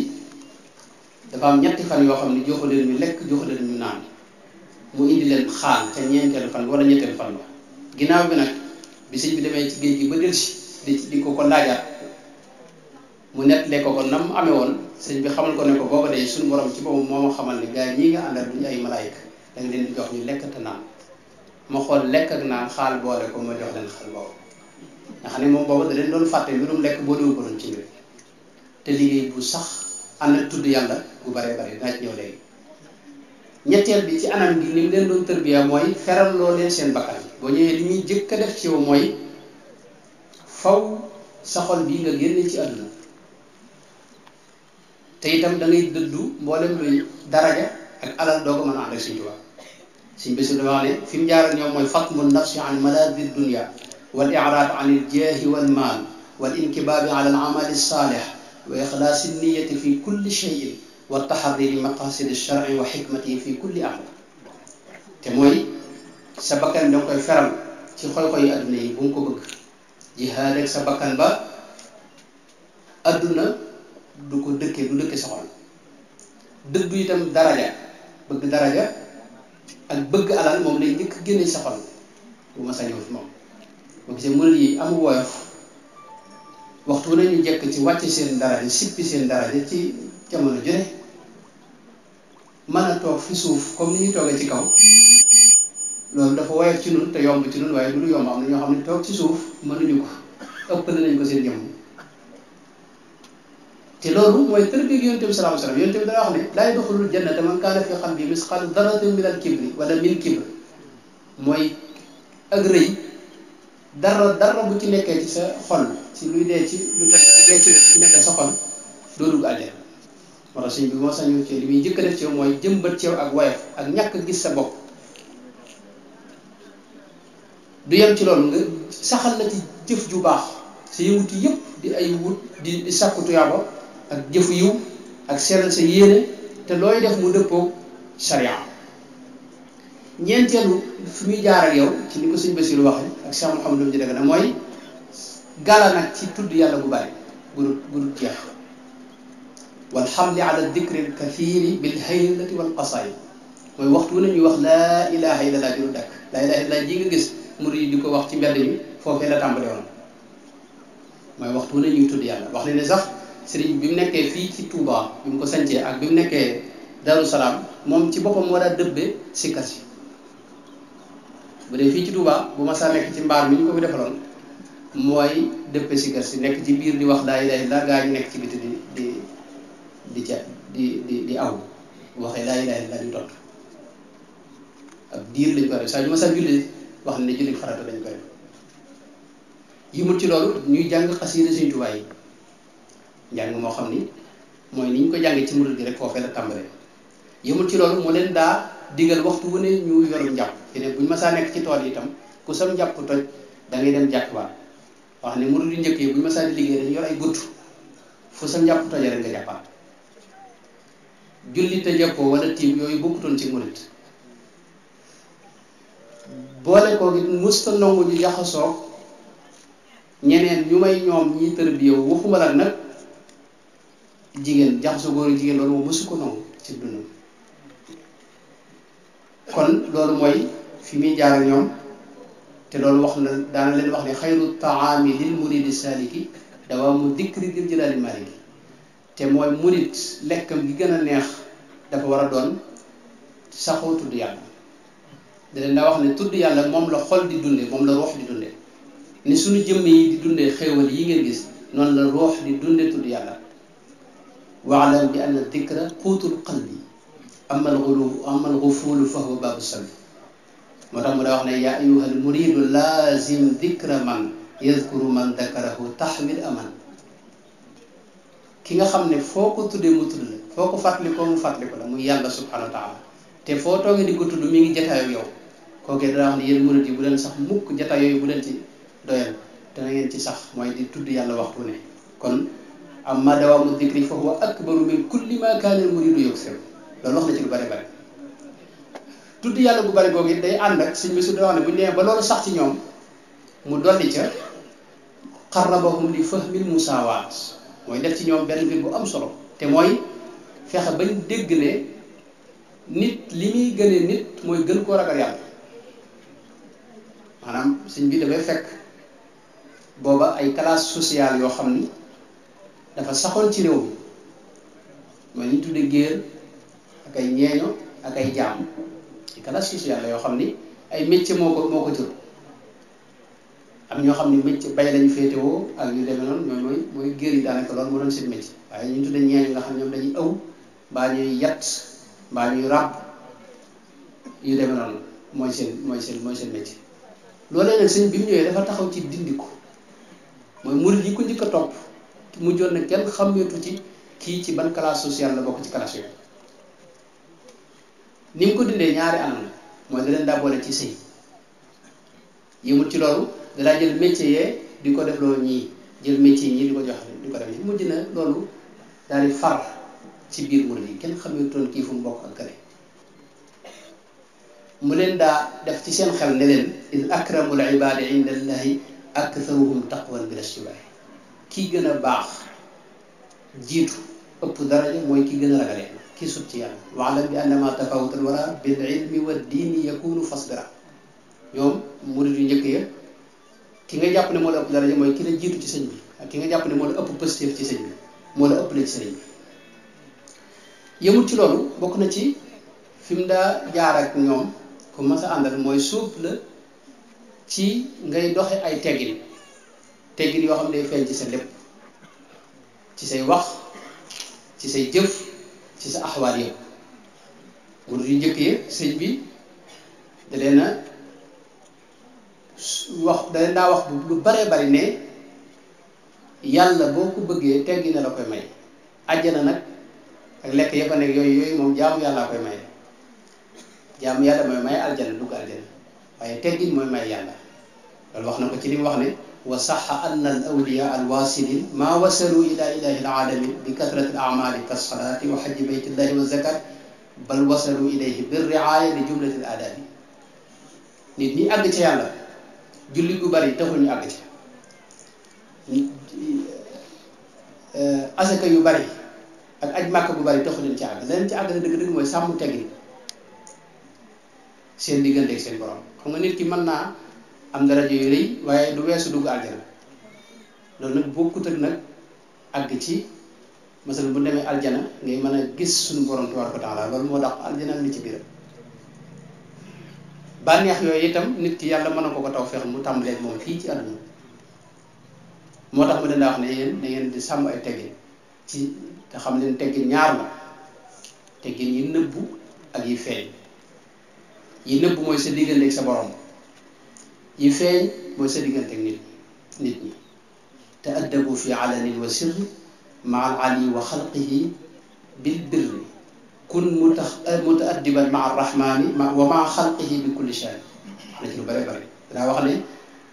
dafa am ñetti fan yoo xam ne joxu leen ñu lekk joxu leen ñu naan mu indi leen xaan ca ñeenteelu fan wala ñetteelu fan ba ginnaaw bi nag bi sëñ bi demee ci géej gi ba delsi di di ko ko laajaat mu nettalee ko ko na mu woon sëñ bi xamal ko ne ko booba day suñu borom ci boobu moo xamal ne gars ñii nga àndal duñu ay malaayika da leen di jox ñu lekk te naan ma xool lekk ak naan xaal boole ko ma jox leen xaal boobu nga xam ne moom booba da leen doon fàtte mbirum lekk boo ko doon ci mbir te liggéey bu sax am na tudd yàlla bu bare bare daa ci ñëw léegi ñetteel bi ci anam gi ni mu leen doon tërbiya mooy feral loo seen bakkan boo ñëwee li ñuy jëkk a def ci yow mooy faw sa xol bii nga génne ci àdduna te itam da ngay dëddu mboolem luy a dunia wal iraad an il jaahi wal maal wal inkibaabi ala al saalih وإخلاص النية في كل شيء والتحضير مقاصد الشرع وحكمته في كل أمر تموي سبقا دونك الفرم تي خوي خوي ادني بونكو بك جهادك سبقا با ادنا دوكو دكي دو دكي سخون دغ يتم درجه بغ درجه ak bëgg alal moom lay njëkk génne saxal bu ma sañoo mom bu gisee mën yi am woyof waxtu wu ne ñu jekk ci wàcc seen daraja sippi seen daraja ci jamono ju man mën a toog fi suuf comme ni ñu toogee ci kaw loolu dafa woyof ci nun te yomb ci nun waaye du lu yomb am na ñoo xam ne toog ci suuf mënuñu ko ëpp nañ ko seen jëmm te loolu mooy tër bi yonent bi sallallahu alayhi wasallam yonent bi dana wax ne laa yadxulul jannata man kaana fi qalbihi misqaalu darratin mooy ak rëy dara dara bu ci nekkee ci sa xol si luy dee ci lu dee ci ci nekkee sa xol doo dugg àjjana moo tax sëñ bi moo sañu ci li muy njëkk a ci yow mooy jëmbat ci yow ak woyof ak ñàkk gis sa bopp du yem ci loolu nga saxal la ci jëf ju baax sa yëngutu yëpp di ay wut di sàkku tuyaaba ak jëfu yiw ak seeral sa yéene te looy def mu dëppoo sariya ñeenteelu fi muy jaar ak yow ci ni ko sëñ Basiru waxee ak Cheikh Mouhamadou ji dëgg na mooy gala ci tudd yàlla gu bari gudul gudul jeex walxamli ala dicri l kathiri bil wal qasaay mooy waxtu wu ne ñuy wax laa ilaha illa laa juru dakk laa ilaha ji nga gis murid yi di ko wax ci mbedd mi foofee la tàmbale woon mooy waxtu na ñuy tudd yàlla wax ne ne sax sëriñ bi mu nekkee fii ci Touba bi mu ko sancee ak bi mu nekkee Darou Salaam moom ci boppam moo daa dëbbee si kar si bu dee fii ci Touba bu ma saa nekk ci mbaar mi ñu ko fi defaloon mooy dëppe si kër si nekk ci biir di wax laa ilaaha illallaah gaa ñu nekk ci biti di di di ca di di di aw bu waxee laa ilaaha di diir lañ ko def saa yu ma julli wax ne julli farata lañ ko def yimul ci loolu ñuy jàng xasida Sëñ Touba yi njàng moo xam ni mooy ni ñu ko jàngee ci murid gi rek foofee la tàmbalee yimul ci loolu moo leen daa. digal waxtu wu ne ñu yorum njàpp te ne buñ masaa nekk ci tool yi tam ku sam njàpp toj da ngay dem jàpp wax ne murid yu njëkk yi buñ masaa di liggéey dañu yor ay gutt fu sam njàpp tojee rek nga jàppaat julli te jëkkoo wala tiim yooyu bokkutoon ci murid boole koo gi musta nangu ñu jaxasoo ñeneen ñu may ñoom ñi tërbiyew waxuma la nag jigéen jaxasoo góor jigéen loolu moom mësu ko nangu ci dundam kon loolu mooy fi muy jaar ñoom te loolu wax na daana leen wax ne xayru taami lil muridi saliki dawaa mu dikri lil jëlaali maliki te mooy murid lekkam gi gën a neex dafa war a doon saxoo tudd yàlla da leen wax ne tudd yàlla moom la xol di dunde moom la ruux di dunde ni suñu jëmm yi di dunde xéewal yi ngeen gis noonu la ruux di dunde tudd yàlla waalam bi anna dikra quutul qalbi amal xulu amal xufuulu fa huwa baabu moo tax mu daa wax ne yaa ayuhal muridu laazim dikra man yadkuru man dakarahu taxwil aman ki nga xam ne foo ko tuddee mu tudd la foo ko fàttalikoo mu fàttaliku la muy yàlla subhanahu wa te foo toogee di ko tudd mi ngi jataayu yow kookee daa wax ne yéen murid bu leen sax mukk jataay yooyu bu leen ci doyal dana ngeen ci sax mooy di tudd yàlla waxtu ne kon amma dawaamu dikri fa huwa akbaru min kulli ma kaana al muridu yuksir loolu wax na ci lu bari bari tudd yàlla bu bari googu it day ànd ak suñ bi su doon wax ne bu ñu nee ba loolu sax ci ñoom mu dolli ca xarrabahum li fahmil musaawaat mooy def ci ñoom benn mbir bu am solo te mooy fexe bañ dégg ne nit li muy gënee nit mooy gën koo ragal yàlla maanaam suñ bi dafay fekk booba ay classe sociale yoo xam ni dafa saxoon ci réew mooy ñu tudde géer ak ay ñeeño ak ay jaam classe yàlla yoo xam ni ay métier moo ko moo ko jur am ñoo xam ne métier bay lañu féetewoo ak ñu demee noonu mooy mooy mooy géer yi daanaka loolu moo doon seen métier waaye ñu tudde ñeeño nga xam ñoom dañuy ëw mbaa ñuy yat yu demee noonu mooy seen mooy seen mooy seen métier loolee nag bi mu ñëwee dafa taxaw ci dindi ko mooy murid yi ko njëkk a mu jot na kenn xameetu ci kii ci ban classe sociale la bokk ci classe yooyu ni nga ko dindee ñaari anam la mooy da leen daa boole ci sëy yëmut ci loolu dalaa jël métier yee di ko def loolu ñii jël métier ñii di ko jox di ko def ñi mujj na loolu daal di ci biir murid yi kenn xamutoon kii fu mu bokk ak kële mu leen daa def ci seen xel ne leen il akramul ibaadi inda allahi aktharuhum taqwan bi rasulillahi ki gën a baax jiitu ëpp daraja mooy kii gën a ragale ki sut ci yàlla waalam bi annama tafawutal wara bil ilmi wa diini yakunu fasbira ñoom murid yu njëkk ya ki nga jàpp ne moo la ëpp daraja mooy kii la jiitu ci sëñ bi ak ki nga jàpp ne moo la ëpp positif ci sëñ bi moo la ëpp la ci sëñ bi yëmul ci loolu bokk na ci fi mu daa jaar ak ñoom ku mas a àndal mooy suuf la ci ngay doxe ay teggin teggin yoo xam ne day feeñ ci sa lépp ci say wax ci say jëf ci sa axawaar yëpp murid yu njëkk yi sëñ bi da na a wax da naa daa wax bu lu baree bari ne yàlla boo ko bëggee teggi na la koy may àjjana nag ak lekk yëpp a nekk yooyu yooyu moom jaamu yàllaa koy may jaamu yàlla mooy may aljana dugg aljana waaye teggin mooy may yàlla loolu wax na ko ci li wax ne wa saxa anna al awliya al wasilin maa wasalu ila ilahi al alamin bi kasrati al amali ka salaati wa xajji baytillahi wa zakat bal wasalu ilayhi bi riaaya li jumlati al aadaabi nit ñi àgg ca yàlla julli gu bari taxul ñu àgg ca asaka yu bari ak aj màkk bu bari taxul leen ci àgg leneen ci àgg na dëgg-dëgg mooy sàmm teggi seen digganteeg seen borom xam nga nit ki mën naa am dara ju yeri waye du weesu dugg aljana loolu nak bokkut ak nak ag ci masal bu demé aljana ngay mëna gis suñu borom tawar ko taala loolu mo dox aljana ak ci biiram banex yoy itam nit ki yalla mëna ko ko taw fex mu tambalé mom fi ci aduna motax tax ma leen wax ne yeen da ngeen di sam ay teggin ci te xam leen teggin ñaar la teggin yi neub ak yi feñ yi neub moy sa diggante ak sa borom يفين موسى ديغان تكنيل نيتني تأدبوا في علن وسر مع العلي وخلقه بالبر كن متأدبا مع الرحمن ومع خلقه بكل شان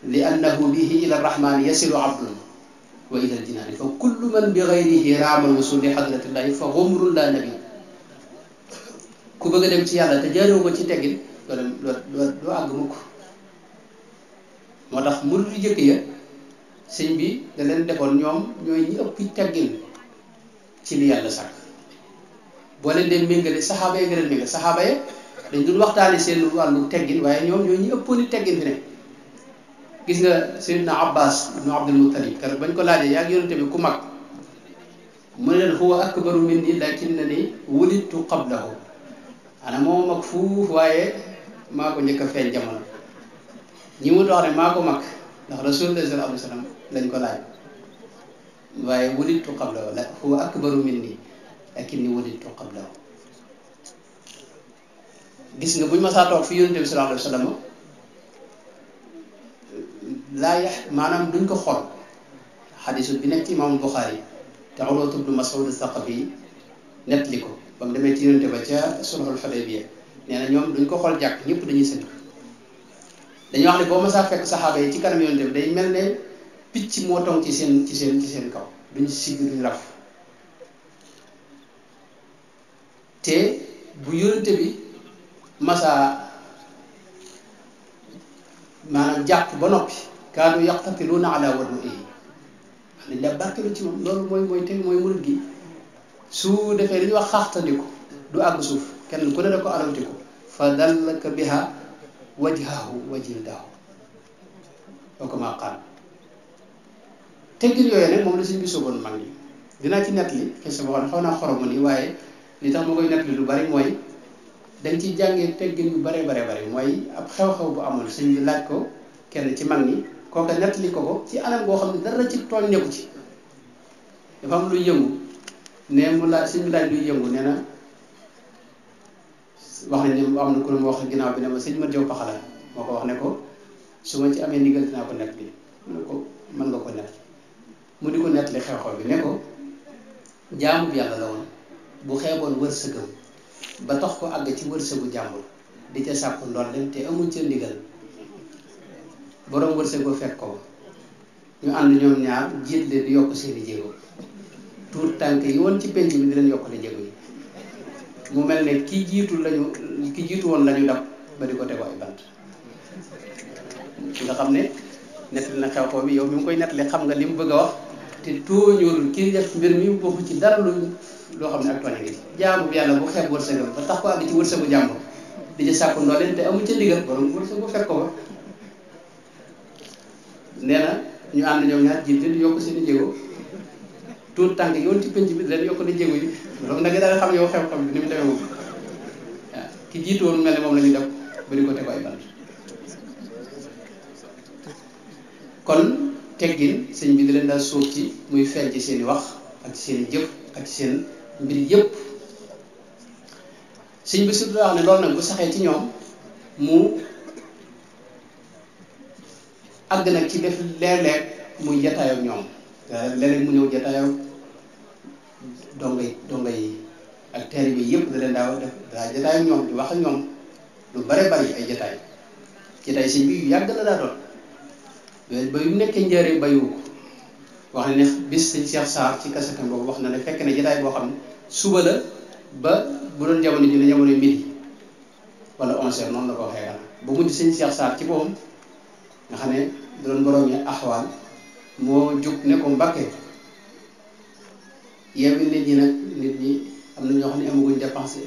لأنه به إلى الرحمن يسر عبد وإلى الدينار فكل من بغيره رام الوصول لحضرة الله فغمر لا نبي كوبا غدم سيالا تجارو بو سي تيغين لو لو لو moo tax murid yu jëkk ya sëñ bi da leen defoon ñoom ñooy ñi ëpp teggin ci li yàlla sàkk boo leen dee méngale saxaaba ya nga leen méngale saxaaba ya dañ dul waxtaane seen wàllu teggin waaye ñoom ñooy ñi ëppooni teggin fi ne gis nga Seydina Abbas ibnu Abdul Muttalib keroog bañ ko laajee yaa ngi yonente bi ku mag mu ne leen huwa akbaru minni lakinnani wulidtu qablahu ana moom mag fuuf waaye maa ko njëkk feeñ jamono ñi mu dox ne maa ko mag ndax rasulullah sallallahu alayhi wa sallam lañ ko laaj waaye wulittu qablahu la huwa akbaru minni lakinni wulittu qablahu gis nga buñ ma saa toog fi yonente bi sallallahu alayhi wa sallam laa yax maanaam duñ ko xool xadisu bi nekk ci imaamul Buxaari te Urwatu bnu Mas'ud Saqafi nettali ko ba mu demee ci yonente ba ca sulhul Xudaybiya nee na ñoom duñ ko xool jàkk ñëpp dañuy sëñ dañuy wax ne boo mësaa fekk saxaaba yi ci kanam yonent bi day mel ne picc moo tong ci seen ci seen ci seen kaw duñu siggi duñu raf te bu yonent bi mësaa maanaam jàpp ba noppi kaanu yaqtatiluuna ala waduihi xam ne la barkelu ci moom loolu mooy mooy te mooy murit gi su defee li ñuy wax xaxtandiku du àgg suuf kenn ku ne da ko alawtiku fa dallaka biha wajhahu wa jildahu wa kama qaal teggin yooyu nag moom la suñ bi sóoboon mag ñi dinaa ci nettali question boo xam ne xaw naa xoromu nii waaye li tax moo koy nettali lu bari mooy dañ ciy jàngee teggin yu bare bare bari mooy ab xew-xew bu amul suñ laaj ko kenn ci mag ñi kooka nettali ko ko ci anam goo xam ne dara ci tooñ nekku ci dafa am luy yëngu ne mu laaj suñ bi laaj luy yëngu nee na wax ne ni am na ku ma wax ginnaaw bi ne ma sëñ ma jow paxala moo ko wax ne ko su ma ci amee ndigal dinaa ko nett bi mu ne ko mën nga ko nett mu ni ko nettali xew-xew bi ne ko jaamu bi yàlla la woon bu xeeboon wërsëgam ba tax ko àgg ci wërsëgu jàmbur di ca sàkku ndolle te amuñ ca ndigal boroom wërsëg ba fekk ko ñu ànd ñoom ñaar jiit leen di yokk seeni jéego tuur tànk yi woon ci penc bi di leen yokkale jéego yi mu mel ne ki jiitu lañu ki jiitu woon lañu dab ba di ko tegoo ay bant nga xam ne nettali na xew xew bi yow mi ngi koy nettali xam nga li mu bëgg a wax te tooñool kii def mbir mi bokk ci dara lu loo xam ne ak tooñ ngi jaamu bi yàlla bu xeeb wërsëgam ba tax ko àgg ci wërsëgu jàmm di ci sàkku ndooleen te amu ca ndigal borom wërsëgu fekk ko ba nee na ñu ànd ñoom ñaar jiite di yokk seen i jéego tuut tànk yoon ci penc bi leen yokk na jéego yi donc nag daal xam yow xew-xew bi ni mu demee moom waaw ki jiitu mel ne moom la ñuy def ba di ko teg ay bant kon teggin sëñ bi di leen dal sóob ci muy feeñ ci seen i wax ak seen i ak seen mbir yépp sëñ bi surtout wax ne loolu nag bu saxee ci ñoom mu àgg nag ci def leer-leer muy jataayoo ñoom léeg-léeg mu ñëw jataayoo dongay dongay yi ak taalibe bi yëpp da leen def daa jataay ñoom di wax ak ñoom lu bare bari ay jataay jataay si bi yu yàgg la daa doon ba yu nekkee njëriñ bayu wax na ne bis sëñ Cheikh Sarr ci kasatam boobu wax na ne fekk na jataay boo xam ne suba la ba bu doon jamono ji ne jamono midi wala onze noonu la ko waxee ba mujj sëñ Cheikh Sarr ci boppam nga xam ne doon borom ñu mo juk ne ko mbakke yeewi nit ñi nak nit ñi am na ñoo xamni amu amaguñ dépensé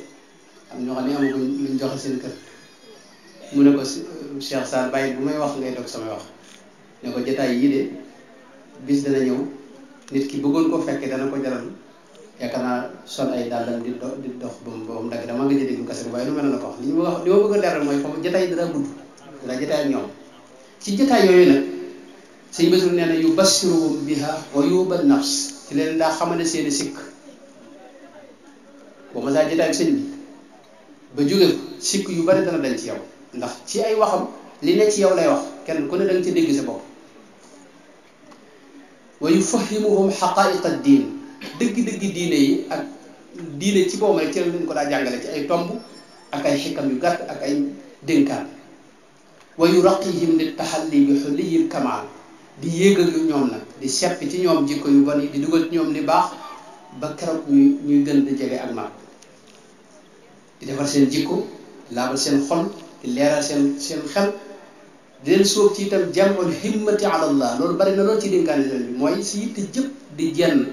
am ñoo xamni amu amaguñ luñ joxe seen kër mu ne ko Cheikh Sarr baye bu may wax ngay dog sama wax ne ko jotaay yi de bis dana ñew nit ki bëggoon ko fekke dana ko jaral yaakaar naa sol ay dalam di dox di dox bu mu dag dama nga jëndee ko kese bu bàyyi lu mel na ko wax li ma wax li ma bëgg leral moy fa jotaay dara gudd dara jotaay ak ñoom ci jotaay yoyu nak sëñ Basiru nee na yu bassiruhum biha uyuba nafs ci leen daa xamane seeni sikk boo ma saa jotaay bi sëñ bi ba jóge sikk yu bari dana dañ ci yow ndax ci ay waxam li ne ci yow lay wax kenn ku ne da nga ci dégg sa bopp wa yufahimuhum xaqaiqa diin dëgg-dëgg diine yi ak diine ci boobu rek ci lañ ko daa jàngale ci ay tomb ak ay xikam yu gàtt ak ay dénkaan wa yuraqihim li taxalli bi xulliyil kamaal di yéegal yu ñoom nag di seppi ci ñoom jikko yu bon yi di dugal ci ñoom li baax ba keroog ñuy ñuy gën di jege ak mag di defar seen jikko di laabal seen xol di leeral seen seen di leen sóob ci itam jamul himmati ala allah bari na loolu ci dénkaane bi mooy si yitte jëpp di jenn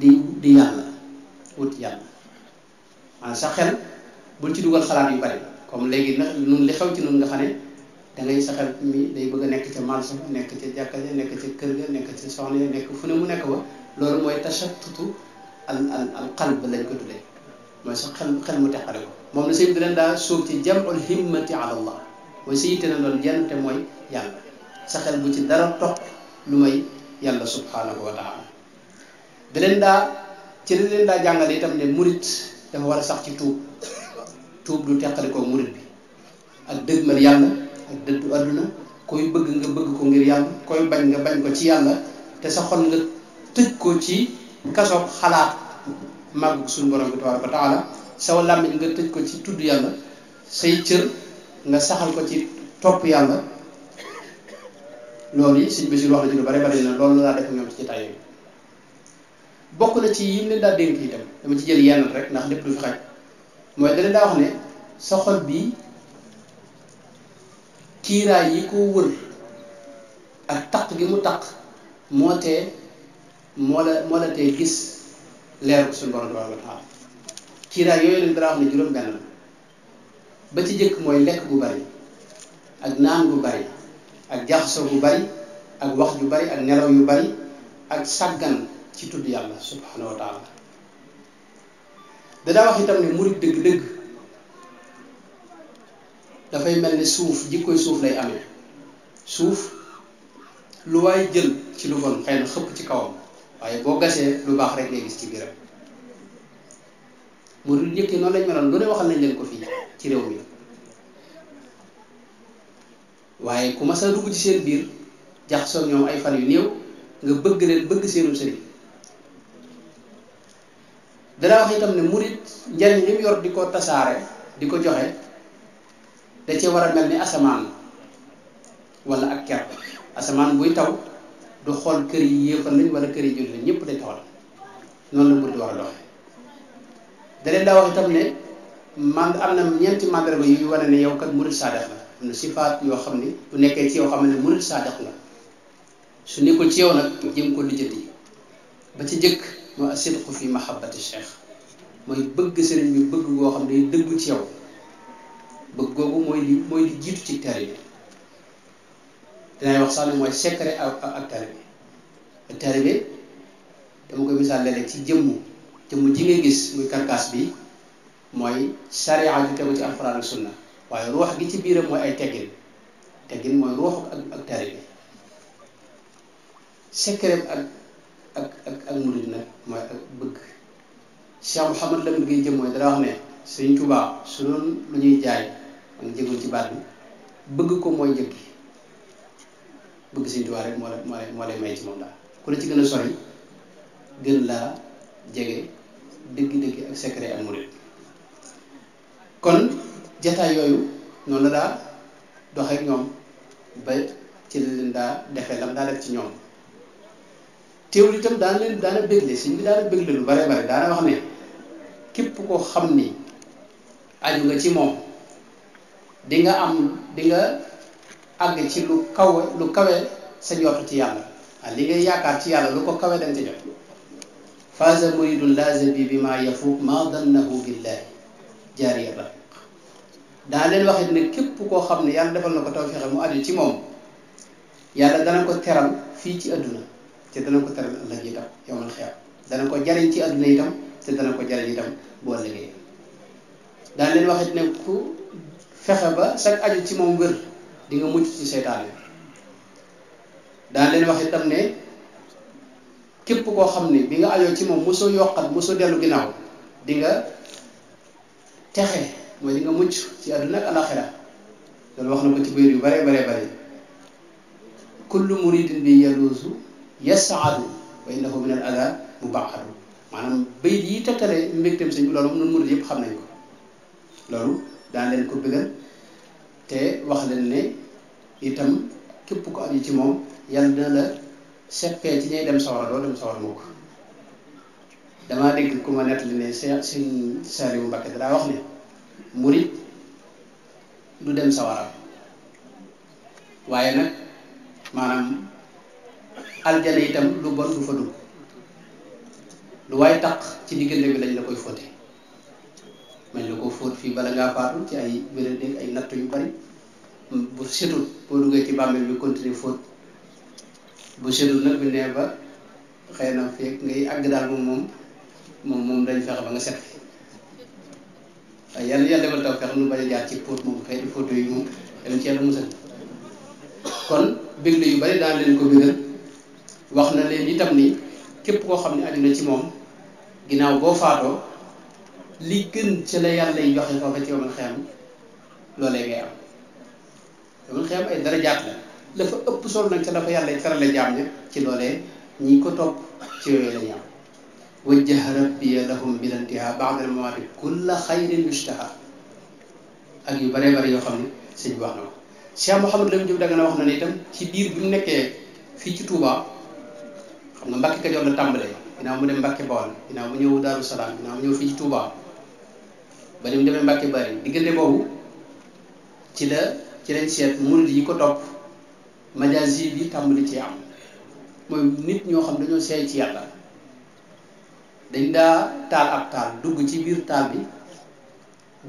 di di yàlla wut yàlla maanaam sa xel bul ci dugal xalaat yu bari comme léegi nag nun li xew ci nun nga xam ne da ngay saxal mi day bëgg a nekk ca marché ba nekk ca jàkka ja nekk ca kër a nekk ca soxna ya nekk fu ne mu nekk ba loolu mooy tachattutu al al al qalb lañ ko tuddee mooy sa xel xel mu teqale ko moom la sëñ bi leen daa suuf ci jamul himmati ala allah mooy sa yitte na doon jenn te mooy yàlla sa xel bu ci dara topp lu may yàlla subhanahu wa taala da leen daa ci da leen daa jàngale ne murit dafa war a sax ci tuub tuub du teqale ko murit bi ak dëgmal yàlla ak dëddu aduna koy bëgg nga bëgg ko ngir yàlla koy bañ nga bañ ko ci yàlla te sa xol nga tëj ko ci kaso xalaat màgg suñu borom bi tabaraka taala saw làmmiñ nga tëj ko ci tudd yàlla say cër nga saxal ko ci topp yàlla loolu yi suñ bisir wax na ci lu bari bari na loolu laa def ñoom ci jotaay yooyu bokk na ci yim leen daa dénk itam dama ci jël yenn rek ndax lépp lu fi xaj mooy da daa wax ne sa xol bii kiiraay yi ko wër ak taq gi mu taq moo tee moo la moo la tee gis leer suñu borom tabaaraka wa taala kiiraay ba ci jëkk mooy lekk bu bari ak naan gu bari ak jaxasoo bu bari ak wax ju bari ak nelaw yu bari ak sàggan ci tudd yàlla subhaanahu wa taala wax itam ne murid dëgg-dëgg dafay mel ni suuf jikkoy suuf lay amee suuf lu waaye jël ci lu bon xëy xëpp ci kawam waaye boo gasee lu baax rek ngay gis ci biiram mu dul njëkk noonu lañ meloon lu ne waxal nañ leen ko fii ci réew mi waaye ku mas a dugg ci seen biir jaxasoo ñoom ay fan yu néew nga bëgg leen bëgg seenum sëriñ danaa wax itam ne murit njariñ li yor di ko tasaare di ko joxe da ci wara melni asaman wala ak ker asaman buy taw du xol kër yi yéefar lañ wala kër yi jull lañ ñepp day tawal non la murid wara dox da len da wax tam ne man am na ñeenti màndarga yu ñu ne yow kat murid sadiq la am na sifaat yoo xam bu nekké ci yow xamni murid sadiq la su ne ko ci yow nak jëm ko lijeeti ba ci jëk mo asidqu fi mahabbati shaykh moy bëgg sëriñ bi bëgg go xamni ne dëggu ci yow bëgg googu mooy li mooy li jiitu ci taalibe dinaay wax sax ne mooy secret ak ak taalibe dama koy misaal léeg ci jëmmu jëmmu ji ngay gis muy karkaas bi mooy sariya bi tegu ci waaye ruux gi ci biiram mooy ay teggin teggin mooy ruux ak ak taalibe secret ak ak ak ak murid nag mooy ak bëgg Cheikh Mouhamad Lamine Gueye jëm mooy dara wax ne Sëñ Tuubaa su doon lu ñuy jaay man jégalu ci baat bi ko mooy njëkk bëgg Sëñ Tuubaa rek moo la moo moo lay may ci gën a sori gën laa jege dëgg ak secret ak murid kon jataay yooyu ñoom la daa doxee ak ñoom ba ci leen daa defee lam daa def ci ñoom teewul itam daan leen daana bégle sëñ bi daana bégle lu bare bare daana wax ne képp koo xam ni aju nga ci moom di nga am di nga àgg ci lu kaw lu kawe sa njort ci yàlla ah li ngay yaakaar ci yàlla lu ko kawe da nga jot faaza muridun bi ma maa ma maa dannahu billahi jaariya ba daa leen waxit ne képp ko xam ne yàlla defal na ko tawfeex mu aju ci moom yàlla dana ko teral fii ci adduna te dana ko teral ëllëg itam yowmal xiyaam dana ko jariñ ci àdduna itam te dana ko jariñ itam bu ëllëgee daa waxit ne fexe ba sag aju ci moom wér di nga mucc ci seytaane daan leen wax tam ne képp koo xam ne bi nga ajoo ci moom mosoo yokkat mosoo dellu ginnaaw di nga texe mooy di nga mucc ci àdduna ak alaxira loolu wax na ko ci biir yu bare bare bare kullu muridin bi yaluusu yasaadu wa innahu min ne ada bu baaxadu maanaam bayit yi tegtale mbégteem sëñ bi loolu noonu murid yëpp xam nañ ko loolu daa leen ko bëggal te wax leen ne itam képp ko aju ci moom yan na la ci ñay dem sawar loolu dem sawar mukk damaa dégg ku ma nettali ne sëñ sëñ Saliou Mbacké daa wax ne murit du dem sawara waaye nag maanaam aljana itam lu bon du fa dugg lu waaye taq ci diggante bi lañ la koy fóote mañ la ko fóot fii bala ngaa faatu ci ay wéradéeg ay natt yu bari bu setul boo duggee ci bàmmeel bi continuer fóot bu setul nag bi nee ba xëy na fekk ngay àgg daal moom moom moom moom dañ fexe ba nga set waaye yàlla yàlla defal taw fex nu bañ jaar ci póot moom xeeti photo yi moom dañ ci yàlla musal kon bégle yu bari daan leen ko bégal wax na leen itam ni képp koo xam ne ci moom ginnaaw boo faatoo li gën ci la yàlla yi joxe foofa ci yomal xeem loolee ngay am yomal xeem ay darajaat la la fa ëpp solo nag ca la fa yàlla yi terale jaam ne ci loolee ñi ko topp ci yooyu la ñu am wajjaha rabbiya lahum bilantiha ba'da mawaati kulla ak yu bare bare yoo xam ne sëñ bi wax na ko Cheikh Mouhamadou Lamine danga na wax na ne itam ci biir bu nekkee fii ci Touba xam nga Mbacke Kajoor la tàmbalee ginnaaw mu dem Mbacke Bawol ginnaaw mu ñëw Daaru Salaam ginnaaw mu ñëw fii ci Touba ba ni mu demee bari digënde bobu ci la ci lañ sét mourid yi ko top majazi bi tàmbali ci am moy nit ñoo xam dañoo sey ci yalla dañ da taal ak taal dugg ci bir taal bi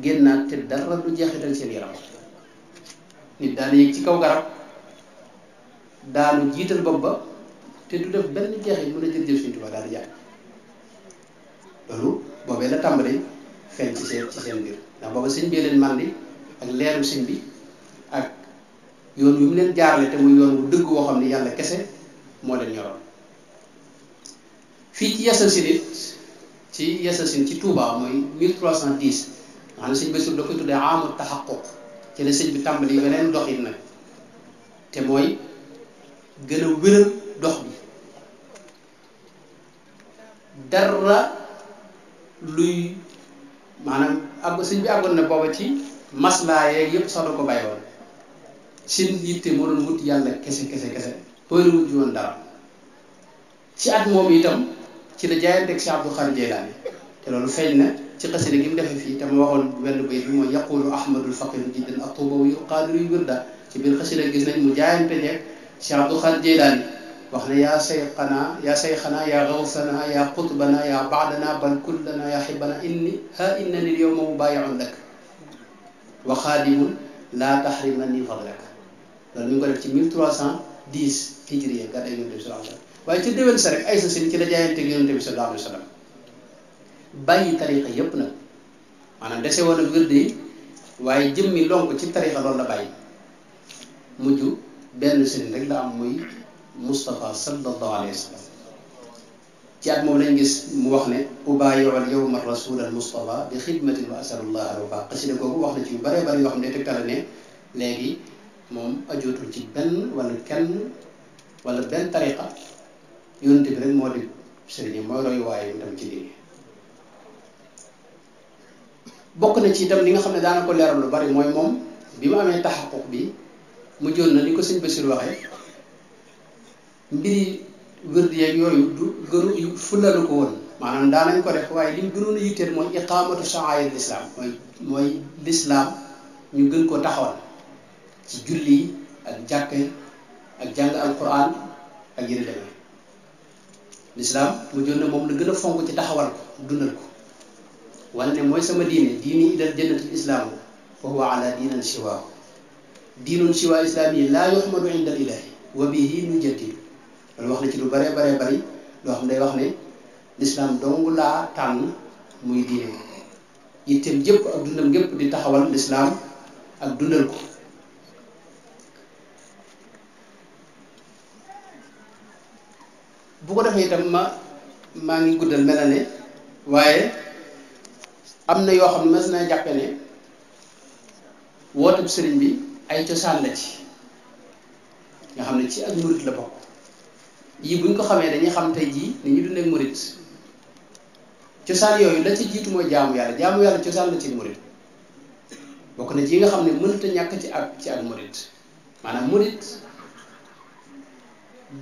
genna te dara du jexital seen yaram nit daana yëg ci kaw garab daanu jiital bopp ba te du def benn jexi mu a jël jël suñu tuba daal di jàpp loolu la tambalé feeñ ci seen ci seen mbir ndax booba sëñ bi leen bi ak yoon yu leen jaarale te muy yoon wu dëgg woo xam ne yàlla kese moo leen ñoroon fii ci Yacine it ci Yacine ci Touba mooy 1310 maanaam sëñ Bassirou da koy tuddee amul taxaquq ci la beneen dox yi nag te mooy gën a wéral dox bi dara luy. maanaam àgg sëñ bi àggoon na booba ci maslaa yee yëpp sax da ko bàyyi woon seen yitte moo doon wut yàlla kese kese kese përi wut woon dara ci at moom itam ci la jaayanteeg si Abdou Khadre Jeylaani te loolu feeñ na ci xasida gi defe defee fii te ma waxoon benn bay bi mooy yaqulu ahmadul faqir jiddan atuba yu qaadiru wirda ci biir xasida gis nañ mu jaayante jeeg si Abdou Khadre wax ne yaa sayxanaa yaa sayxanaa yaa gawsanaa yaa qutbanaa yaa baadanaa bal kullanaa yaa xibbanaa inni ha innani l yowma mubaayiun lak wa xaadimun laa taxrimani fadlak loolu ñu ngi def ci 1310 hijriya gàddaay yonent bi sallallahu alayhi wa sallam waaye ci la jaayante ak yonent bi sallallahu alayhi bàyyi tariqa yépp nag maanaam dese woon ak wérde waaye jëmmi lonk ci tariqa loolu la bàyyi mujj benn sëriñ rek la am muy Moustapha sallallahu alayhi wa sallam ci moom lañ gis mu wax ne ubaayiwal yowma rasul al Moustapha bi xidmatin wa asalullah al wafa xasida googu wax na ci yu bare bare yoo xam ne léegi moom ajootul ci benn wala kenn wala benn tariqa yonent bi rek moo di sëriñ mooy royu waaye itam ci diine bokk na ci itam li nga xam ne daana ko leeral lu bari mooy moom bi mu amee taxaquq bi mu joon na ni ko sëñ Basiir waxee mbiri wërd yeeg yooyu du gënu fullalu ko woon maanaam daan ko def waaye liñ mu gënoon a yitteel mooy iqaamatu sha'aa'ir lislaam mooy mooy lislaam ñu gën ko taxawal ci julli yi ak jàkk ak jàng alquran ak yëre demee lislaam mu jot na moom la gën a fonk ci taxawal ko dundal ko wala ne mooy sama diine diini ilal jannatil islaamu fa huwa ala diinan siwaahu diinun islaam yi laa yuhmadu inda al ilaahi wa bihi nujaddidu loolu wax na ci lu bare bare bari loo xam day wax ne lislaam dongu laa tànn muy diine yitteem jëpp ak dundam gépp di taxawal lislaam ak dundal ko bu ko defee itam ma maa ngi guddal mel waaye am na yoo xam ne mas naa jàppe ne wooteb sëriñ bi ay cosaan la ci nga xam ne ci ak murit la bokk yii buñ ko xamee dañu xam tey jii ni ñu dundee murit cosaan yooyu la ci jiitu mooy jaamu yàlla jaamu yàlla cosaan la ci murit bokk na ci yi nga xam ne mënut a ñàkk ci ak ci ak morit maanaam murit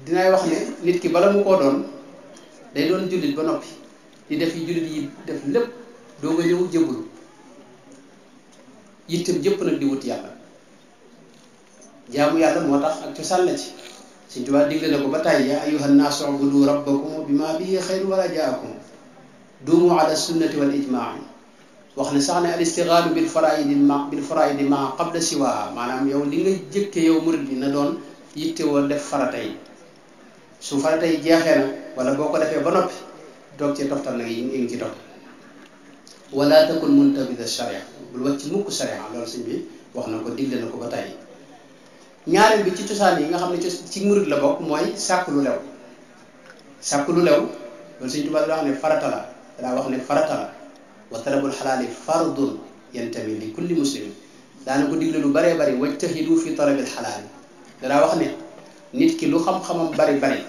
dinaay wax ne nit ki bala mu koo doon day doon jullit ba noppi di def yi jullit yi def lépp doo nga ñëw jëbbalu yittam jëpp nag di wut yàlla jaamu yàlla moo tax ak cosaan la ci سنتوا دينك لكم بتاعي يا أيها الناس عبدوا ربكم بما به خير ولا جاءكم دوموا على السنة والإجماع واخلصانا الاستغلال بالفرائد مع بالفرائد مع قبل سواها معناها يوم دينك جك يوم مرد ندون يتوى دف فرتاي su fara tay jeexena wala boko defé ba nopi dog ci toftal nga yi ngi ci dog wala takun muntabidha shari'a bul wacc mukk shari'a ñaareel bi ci cosaan yi nga xam ne ci murit la bokk mooy sàkk lu lew sàkk lu lew loolu Sëñ Tuubaa daa wax ne farata la daa wax ne farata la wa talabul xalaali fardun yantami li kulli muslimin daana lu baree bari wajtahidu fi talabil xalaali daa wax ne nit ki lu xam-xamam bari bari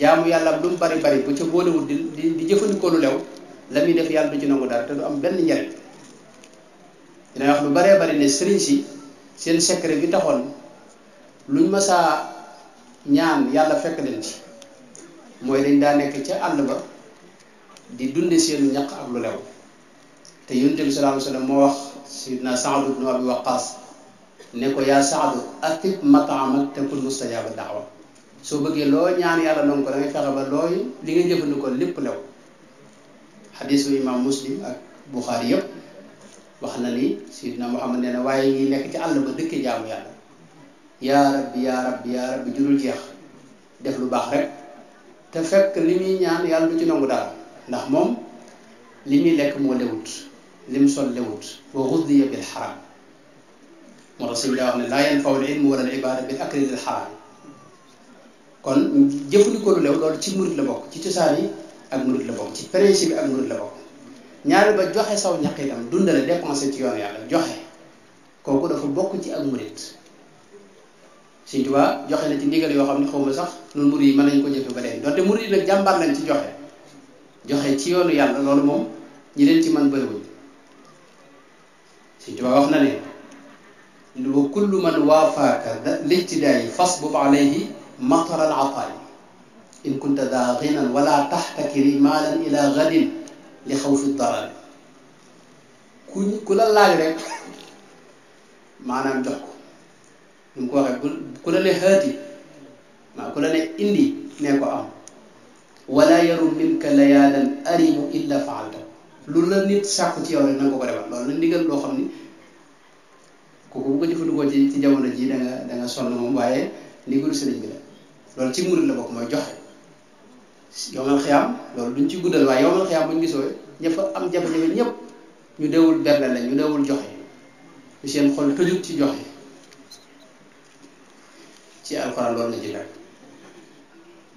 jaamu yàlla lu mu bari bari bu ca boolewul di di jëfandikoo lu lew la muy def yàlla du ci nangu dara te du am benn njariñ dina wax lu baree bari ne sëriñ si seen secret bi taxoon luñ sa ñaan yàlla fekk leen ci mooy dañ daa nekk ca àll ba di dunde seenu ñaq ak lu lew te yonte bi sallallahu alayhi wasallam moo wax sidna saadu ibnu abi waqas ne ko yaa saadu atib mataamak te kul mustajaaba daawa soo bëggee loo ñaan yàlla nangu ko da ngay fexe ba looy li nga jëfandikoo lépp lew xadisu imam muslim ak bukhari yépp wax na sidna muhammad nee na waaye ngi nekk ci àll ba dëkk jaamu yàlla yaa rabbi yaa rabbi yaa rabbi jurul jeex def lu baax rek te fekk li muy ñaan yàlla du ci nangu daal ndax moom li muy lekk moo lewut mu sol lewut wa xuddiya bil xaraam moo tax suñ daa wax ne laa mu al a wala al ibaada bil akli lil xaraam kon jëfandikoo lu lew loolu ci murit la bokk ci cosaan yi ak murit la bokk ci principe bi ak murit la bokk ñaari ba joxe saw ñaq itam dundale dépensé ci yoon yàlla joxe kooku dafa bokk ci ak murit Sëñ Tuubaa joxe na ci ndigal yoo xam ne xaw ma sax noonu murid yi mën nañu ko jëfe ba leen donte murid yi nag jàmbaar nañ ci joxe joxe ci yoonu yàlla loolu moom ñi leen ci man bëriwuñ Sëñ Tuubaa wax na ne wa kullu man waafaaka lijtidaay fasbub alayhi mataral ataay in kunta daa ginan wala taxtakiri maalan ila gadin li xaw fi darar ku ku la laaj rek maanaam jox ko ñu mu ko waxee ku la ne xaati waaw ku la ne indi nee ko am wala yarum minka layaalan arimu illa faalta lu la nit sàkku ci yow rek na nga ko ko defal loolu la ndigal loo xam ni kooku bu ko jëfandikoo ci jamono ji da nga da sonn moom waaye ndigalu sëriñ bi la loolu ci murit la bokk mooy joxe yowmal xiyaam loolu duñ ci guddal waaye yowmal xiyaam buñ gisoo am jafe ñëpp ñu deewul berle la ñu deewul joxe ñu seen xol tëjut ci joxe ci alxuraan loolu la ci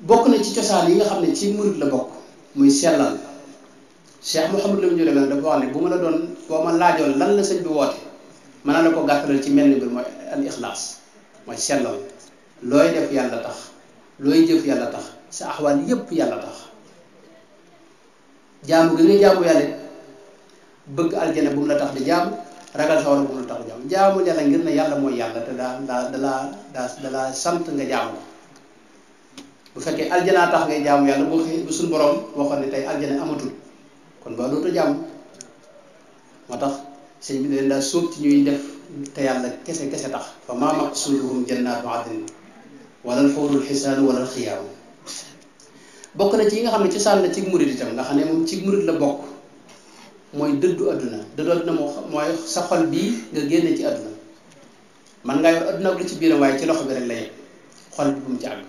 bokk na ci cosaan yi nga xam ne ci murit la bokk muy sellal Cheikh Mouhamadou Lamine Diop dafa wax ne bu ma la doon boo ma laajoon lan la sëñ bi woote mën naa la ko gàttalal ci mel ni mbir mooy al ixlaas mooy sellal looy def yàlla tax looy jëf yàlla tax sa axwaal yépp yàlla tax jaamu gi nga jaamu yàlla bëgg aljana bu mu la tax di jaamu ragal sawara bu mu la tax a jaamu jaamul yàlla ngir ne yàlla mooy yàlla te daa daa dalaa daa sant nga jaamu bu fekkee aljana tax ngay jaamu yàlla bu xëy bu suñ borom waxoon ne tey aljana amatul kon ba dootu jaamu moo tax sëñ bi leen daa sóob ci ñuy def te yàlla kese kese tax fa maa maqsuduhum jannaatu adnin wala alxurul xisaanu wala alxiyaamu bokk na ci yi nga xam ne ci sànn ci murid itam nga xam ne moom ci murid la bokk mooy dëddu àdduna dëddu àdduna moo mooy sa xol bii nga génne ci àdduna man ngaa yor àdduna ak lu ci biiram waaye ci loxo bi rek la yem xol bi bu mu ci àgg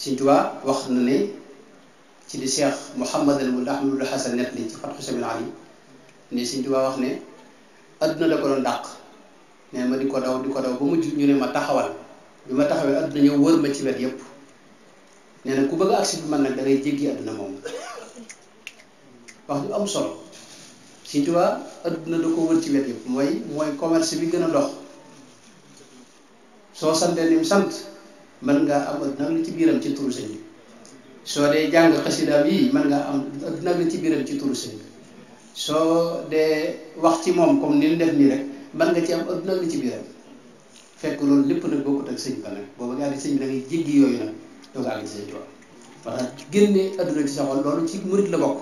Sëñ Tuubaa wax na ne ci di Cheikh Mouhamad al Wuld Ahmadul Hasan nett li ci Fatxu Samil Ali ne Sëñ Tuubaa wax ne àdduna da ko doon dàq neen ma di ko daw di ko daw ba mu mujj ñu ne ma taxawal bi ma taxawee àdduna ñëw wër ma ci wet yépp nee na ku bëgg agsi bi man nag da ngay jéggi àdduna moom wax ñu am solo sëñ tuba adduna da ko wër ci wet yëpp mooy mooy commerce bi gën a dox so santee lim sant man ngaa am adduna li ci biram ci turu sëñ so soo jang jàng xasidaam yi mën am adduna li ci biram ci turu sëñ so soo dee wax ci moom comme ni def nii rek mën nga ci am adduna li ci biiram fekk loolu lépp nag bokkut ak sëñ ba nag booba nga àgg sëñ bi da ngay jéggi yooyu nag doo nga àgg sëñ tuba parce que ci sa xol ci la bokk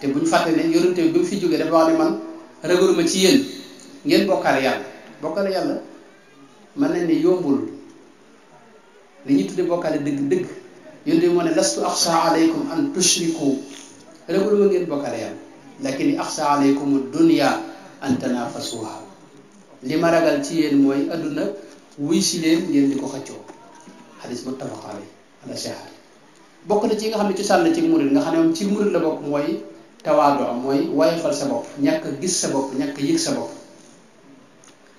te bu ñu fàtte ne yonente bi ba fi jógee dafa wax ne man ragaluma ci yéen ngeen bokkaale yàlla bokkaale yàlla mën nañ ne yombul li ñuy tudde bokkaale dëgg dëgg yonente bi moo ne lastu axsa alaykum an tushriku ragaluma ngeen bokkaale yàlla lakin axsa alaykum dunya an tanafasuha li ma ragal ci yéen mooy adduna wuy si leen ngeen di ko xëccoo xadis muttafaq alayhi ala sahiih bokk na ci nga xam ne cosaan la ci murid nga xam ne moom ci murid la bokk tawaadu am mooy woyofal sa bopp ñàkk gis sa bopp ñàkk yëg sa bopp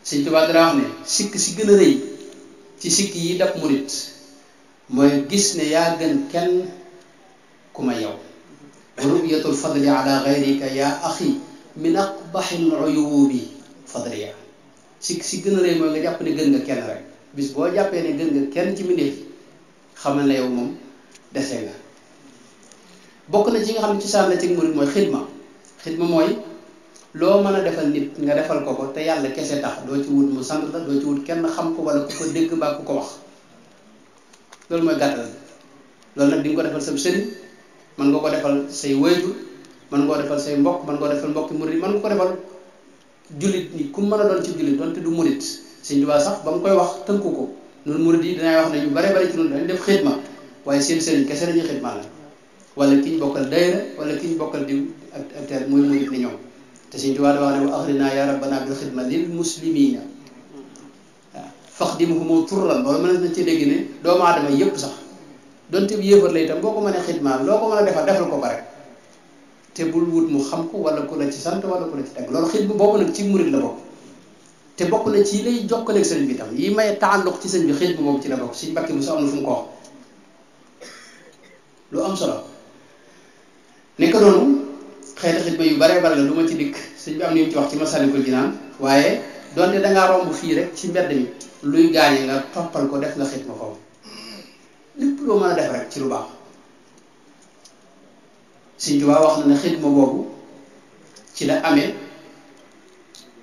Sëñ Tuubaa dara wax ne sikk si gën a rëy ci sikk yi dab murit mooy gis ne yaa gën kenn ku ma yow ruyatul fadli ala gayrika yaa axi min aqbaxil uyubi fadliya sikk si gën a rëy mooy nga jàpp ne gën nga kenn rek bis boo jàppee ne gën nga kenn ci mbindéef xamal na yow moom dese nga bokk na ci nga xam ne cosaan la ci murid mooy xidma xidma mooy loo mën a defal nit nga defal ko ko te yàlla kese tax doo ci wut mu sant la doo ci wut kenn xam ko wala ku ko dégg ba ku ko wax loolu mooy gàttal loolu nag di nga ko defal sa sëriñ mën nga ko defal say waytu mën nga ko defal say mbokk mën nga ko defal mbokki nga ko defal julit ni ku mën a doon ci jullit donte du murid Sëñ Tuubaa sax ba mu koy wax tënku ko noonu murid yi dinaay wax ne ñu bare bari ci noonu dañ def xidma waaye seen sëriñ kese la ñuy xidma la wala ki ñu bokkal dayra wala ki ñu bokkal diw ak ak teel muy murit ni ñoom te Sëñ Tuubaa da wax ne wa axrina ya rabbana bil xidma lil muslimina waaw faxdimuhumu turran loolu mën na ci dégg ne doomu aadama yëpp sax donte bi yéefar la boo ko mënee xidmaam loo ko mën a defal defal ko ba rek te bul wut mu xam ko wala ku ci sant wala ku la ci teg loolu xidma boobu nag ci murit la bokk te bokk na ci lay jokkaleeg sëñ bi tam yi may taalluq ci sëñ bi xidma boobu ci la bokk Sëñ Mbàkke bu sa am na fu mu ko lu am solo nekk noonu xeeti xitba yu bare bare la du ma ci dikk sëñ bi am na ñu ci wax ci Masaalikul Jinaan waaye donte da ngaa romb fii rek ci mbedd mi luy gaañe nga toppal ko def nga xitma foofu lépp loo mën a def rek ci lu baax sëñ Tuubaa wax na ne xitma boobu ci la amee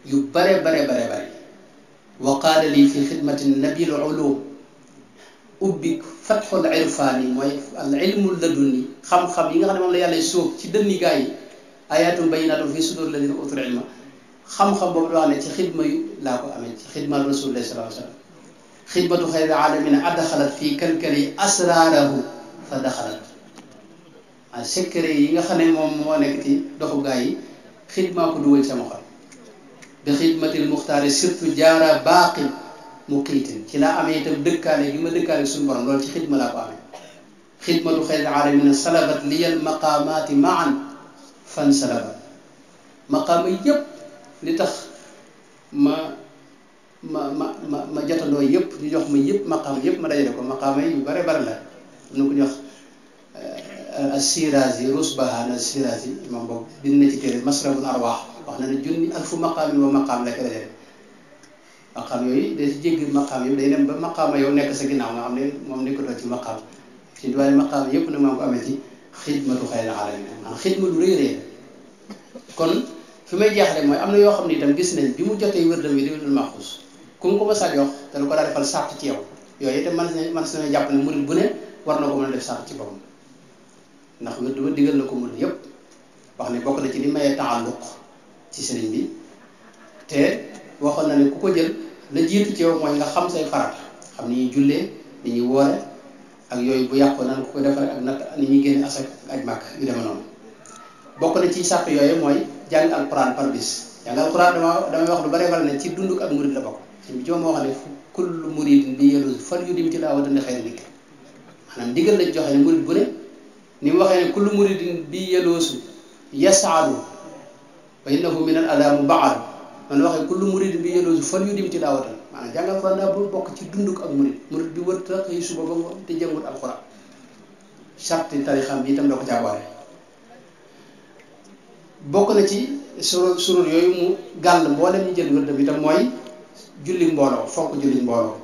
yu bare bare bare bare wa qaala lii fi xidmati nabil ulum ubbi fatxul irfaani mooy al ilmu laduni xam-xam yi nga xam ne moom la yàlla sóob ci dënni gaa yi ayaatun bayyinaatun fi sudur ladina utul ilma xam-xam boobu da wax ne ci xidma yu laa ko amee ci xidma rasulillahi sallallahu alayhi wa sallam xidmatu xayri alamin adxalat fii kalkari asraarahu fa daxalat ah secret yi nga xam ne moom moo nekk ci doxu gaa yi xidmaa ko dugal sama xol bi xidmatil muxtaari surtout jaara baaqi moo kayitin ci laa amee itam dëkkaale gi ma dëkkaale suñu borom loolu ci xidma laa ko amee xidmatu xayri alamina salabat liyal maqaamaati maan fan salabat maqaama yépp li tax ma ma ma ma ma jotandoo yépp ñu jox ma yépp maqaama yépp ma dajale ko maqaama yi yu bare bare la nu ko jox As-Sirazi Rusbahan As-Sirazi moom boobu bind na ci téere Masrabul Arwaax wax na ne junni alfu maqaamin wa maqaam la ko dajale maqaam yooyu day jéggi maqaam yëpp day dem ba maqaama yow nekk sa ginnaaw nga xam ne moom nekkatoo ci maqaam ci duwaay maqaam yëpp nag maa ko amee ci xidmatu xayri mooy am na yoo xam ne itam gis nañ bi mu jotee wérdam yi di wérdal maxuus ku mu ko ma sa jox te lu ko daa defal sart ci yow jàpp ne murid bu ne war na a def sart ci boppam ndax wérd ba na ko murid yëpp wax ne bokk na ci li mayee taalluq ci sëriñ bi te waxoon na ne ku ko jël la jitu ci yow moy nga xam say farata xam ni julle ni ñi woore ak yoy bu yakko nan ko defal ak nak ni ñi génne asak ak aj màkk yu dem non bokku na ci sàpp yooyu mooy jàng alquran par bis jàng alquran dama dama wax lu bari wala ne ci dunduk ak murid la bokku ci bi joom moo xam kullu murid bi yelu fal yu dim ci laa wadane xëy digal la joxe murid bu ne ni mu waxee ne kullu muridin bi yeloosu yasaadu fa innahu min al adamu baadu man waxe kullu murid bi yelo fal yudim dawata man jangal ko nda bu bok ci dunduk ak murid murid bi wër ta yi suba ba te jangul alquran shakti tarixam bi tam dako jaawale bok na ci surul surul yoyu mu gal mbolem ni jël wërd bi tam moy julli mbolo fokk julli mbolo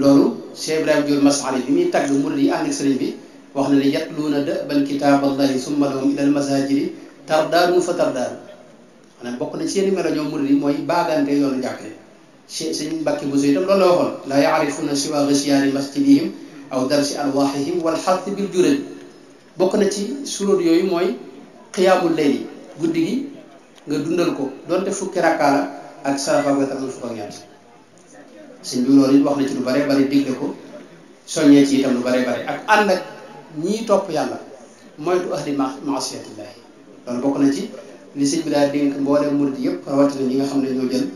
lolu cheikh ibrahim jul mas'ali bi mi tag murid yi and serigne bi wax na ni yatluna da bal kitaballahi summa lahum ila al fa tardaru maanaam bokk na seeni melo ñoom murid yi mooy baagante yoonu jàkk si sëñ Mbàkke Buso itam loolu la waxoon la yaarifuna siwa ghisiyaani masjidihim aw darsi alwaahihim wal xarti bil juréb bokk na ci suróot yooyu mooy xiyaamul layli guddi gi nga dundal ko donte fukki rakkaa la ak sarafa ba tam fukk ak ñett sëñ bi loolu wax na ci lu bare bari digle ko soññee ci itam lu bare bari ak ànd ak ñii topp yàlla moytu ahli maasiyatillahi loolu bokk li seigne bi daal di dénk mboolem murid yëpp na li nga xam ne ñoo jël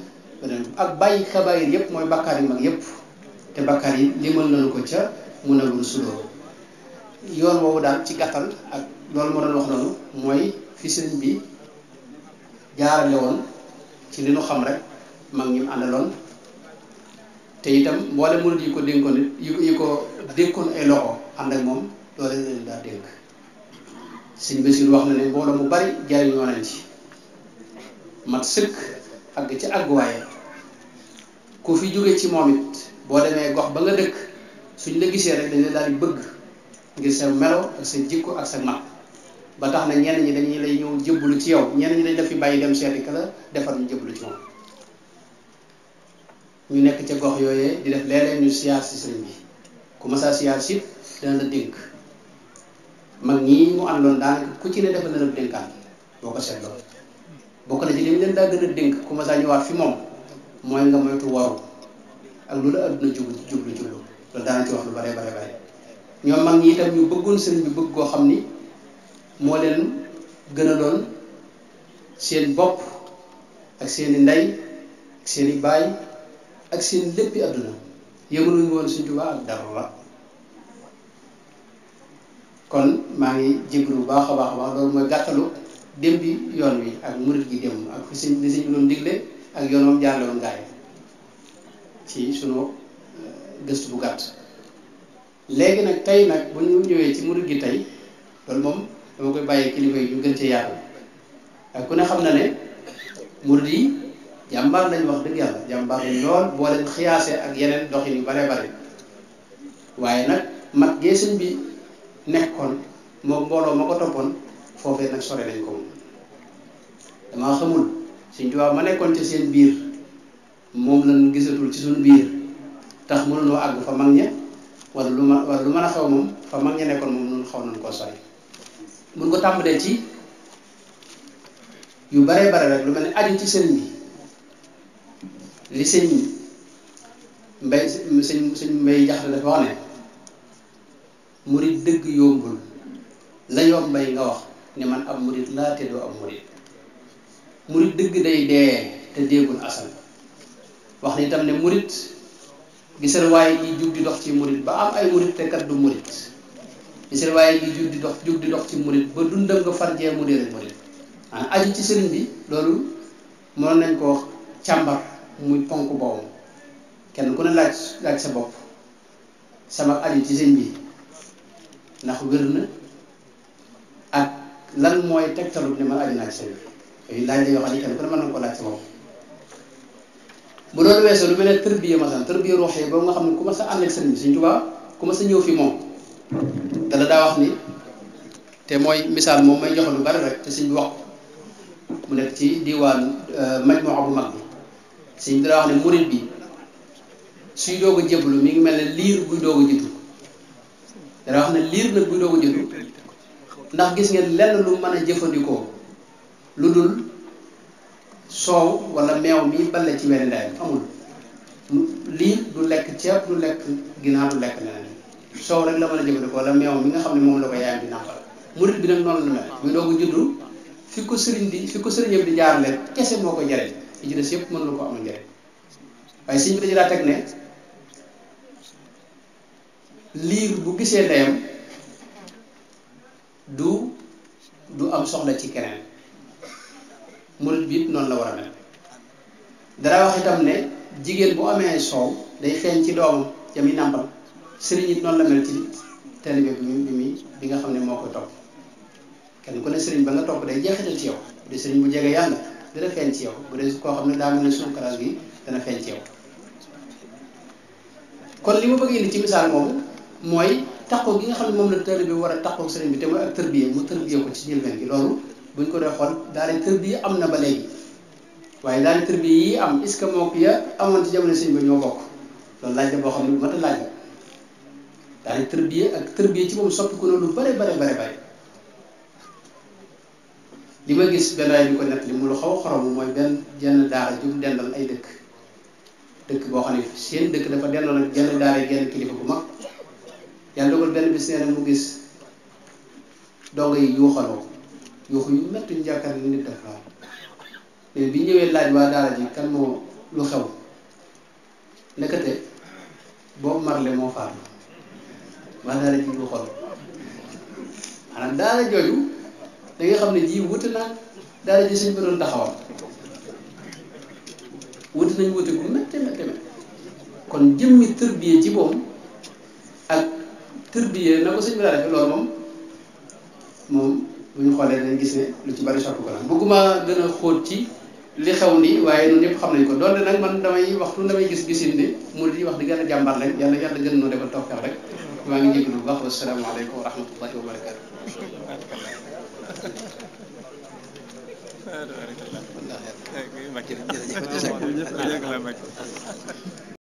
beneen ak bàyyi kabaayir yëpp mooy bakkaar yu mag yëpp te bakkaar yi limal nañu ko ca mun a gun suloo yoon woowu daal ci gàttal ak loolu ma doon wax nañu mooy fi sëñ bi jaarale woon ci li nu xam rek mag ñu mu àndaloon te itam mboolem murid yi ko dénkoon yi ko dénkoon ay loxo ànd ak moom loolu lañ daal dénk sëñ Basiru wax na ne mbooloo mu bari jariñoo nañ ci mat sëkk ak ci àgguwaayam ku fi jóge ci moom it boo demee gox ba nga dëkk suñ la gisee rek dañu daal bëgg ngir sa melo ak sa jikko ak sa napp ba tax na ñenn ñi dañuy lay ñëw jëbbalu ci yow ñenn ñi dañ la fi bàyyi dem seeti ka la defar ñu jëbbalu ci moom ñu nekk ca gox yooyee di def léeg-léeg ñu siyaar si sëriñ bi ku masaa siyaar si dana la dénk mag ñii mu àndoon daanaka ku ci ne defal na la dénkaan boo ko seetloo bokk na ci li leen daa gën a dénk ku ma saa ñëwaat fi moom mooy nga moytu waru ak lu la adduna jublu jublu jublu loolu daanañ ci wax lu bare bare bare ñoom mag ñi itam ñu bëggoon sëriñ bi bëgg koo xam ni moo leen gën a doon seen bopp ak seeni ndey ak seeni baay ak seen léppi adduna yëmaluñu woon suñ Tuubaa ak dara kon maa ngi jéglu bu baax a baax a baax loolu mooy gàttalu dem bi yoon wi ak murit gi dem ak fi sëñ li sëñ bi doon digle ak yoonam jaarloon gaay ci sunu euh, gëstu bu gàtt léegi nag tey nag bu ñu ñëwee ci murit gi tey loolu moom dama koy bàyyi kilifa yi ñu gën ci yaatal ak ku ne xam na ne murit yi jàmbaar lañ wax dëgg yàlla jàmbaar lañ lool boo leen xiyaase ak yeneen doxin yu bare bare waaye nag mag gee bi nekkoon moom mbooloo ma ko toppoon foofee nag sore nañ ko moom damaa xamul Sëñ Tuubaa ma nekkoon ci seen biir moom lañ gisatul ci suñu biir tax mënunoo àgg fa mag ña wala lu ma wala xew moom fa mag ña nekkoon moom ñun xaw nañ koo sori mun ko tàmbalee ci yu bare bare rek lu mel ne aju ci sëriñ bi li sëñ mbay sëñ sëñ mbay jaxle dafa wax ne murid dëgg yombul la yombay nga wax ni man ab murit laa te doo ab murit murit dëgg day dee te déegul asal wax ne itam ne murit gisal waaye ji jug di dox ci murit ba am ay murit du murit gisal waaye ji jug dox jug di ci murit ba dundam nga farjee mu dee murit maanaam aju ci sëriñ bi loolu mënoon nañ ko càmbar muy ponk boobu kenn ku ne laaj laaj sa bopp sama aju ci sën bi ndax wér na lan mooy tegtalu ne man aji naa ci sëriñ yooyu laaj la yoo xam ne kenn ku ne na ko laaj sa bopp bu loolu weesoo lu mel ne tërbiya masan tërbiya ruux yi nga xam ne ku ma sa ànd ak sëriñ bi Sëriñ Tuubaa sa ñëw fi moom te la daa wax ni te mooy misaal moom may jox lu bari rek te suñ bi wax mu nekk ci diwaan euh, majmuwa bu mag bi sëriñ bi wax ne murid bi suy doog a jébbalu mi ngi mel ne liir buy doog a juddu wax ne liir nag buy doog a ndax gis ngeen lenn lu mën a jëfandikoo lu dul soow wala meew mi bale ci wenn ndeyam amul lii du lekk ceeb du lekk ginaar du lekk leneen soow rek la mën a jëfandikoo wala meew mi nga xam ne moom la ko yaayam di nàmpal murit bi nag noonu la mel muy doogu juddu fi ko sëriñ di fi ko sëriñam di jaarale kese moo ko jariñ li ci des yëpp mën ko amul njariñ waaye sëñ bi dañu daa teg ne liir bu gisee ndeyam am soxla ci keneen murit bi it noonu la war a mel dara wax itam ne jigéen bu amee soow day feeñ ci doomam ja muy nàmpal sëriñ it noonu la mel ci taalibe bi ñu bi bi nga xam ne moo ko topp kenn ku ne sëriñ ba nga topp day jeexital ci yow bu dee sëriñ bu jege yàlla dana feeñ ci yow bu dee koo xam ne daa mel ne suñu classe bi dana feeñ ci yow kon li ma bëgg indi ci misaal moomu mooy taxaw gi nga xam ne moom na taalibe bi war a taxaw sëriñ bi te mooy ak tërbiye mu tërbiye ko ci njëlbeen gi loolu buñ ko dee xool daa leen tërbiye am na ba léegi waaye daa leen tërbiye am est moo ko ya amoon ci jamono sëriñ ñoo bokk loolu boo xam ne bu mat a laaj la daa leen tërbiye ak tërbiye ci moom soppi ko loolu lu bare bare bare bare li ma gis benn waay bi ko nett li mu lu xaw a xorom mooy benn jenn daara jum dendal ay dëkk dëkk boo xam ne seen dëkk dafa dendal ak jenn daara genn kilifa bu mag yàlla dogal benn bi nee na mu gis dong yi yuuxaloo yuuxu yu métti ñu jàkkaar ni nit def mais bi ñëwee laaj waa daara ji kan moo lu xew nekkate boobu marle moo faatu waa daara ji yuuxaloo maanaam daara jooju da xam ne ji wuti naa daara ji suñ bi doon taxawal wuti nañ wuti bu métti métti kon jëmmi tërbiyee ci boom ak tërbiyee nag ko sëñ bi daa moom moom bu ñu xoolee dañ gis ne lu ci bari soppi ko la bëgguma gën a xóot ci li xew nii waaye ñun ñëpp xam nañ ko doonte nag man damay waxtu may gis gisin ne mu di wax di gën a jàmbaar rek yàlla yàlla gën noo defal toog rek maa ngi jégalu bu baax wa salaamaaleykum wa rahmatullahi wa barakaatu. waaw waaw waaw.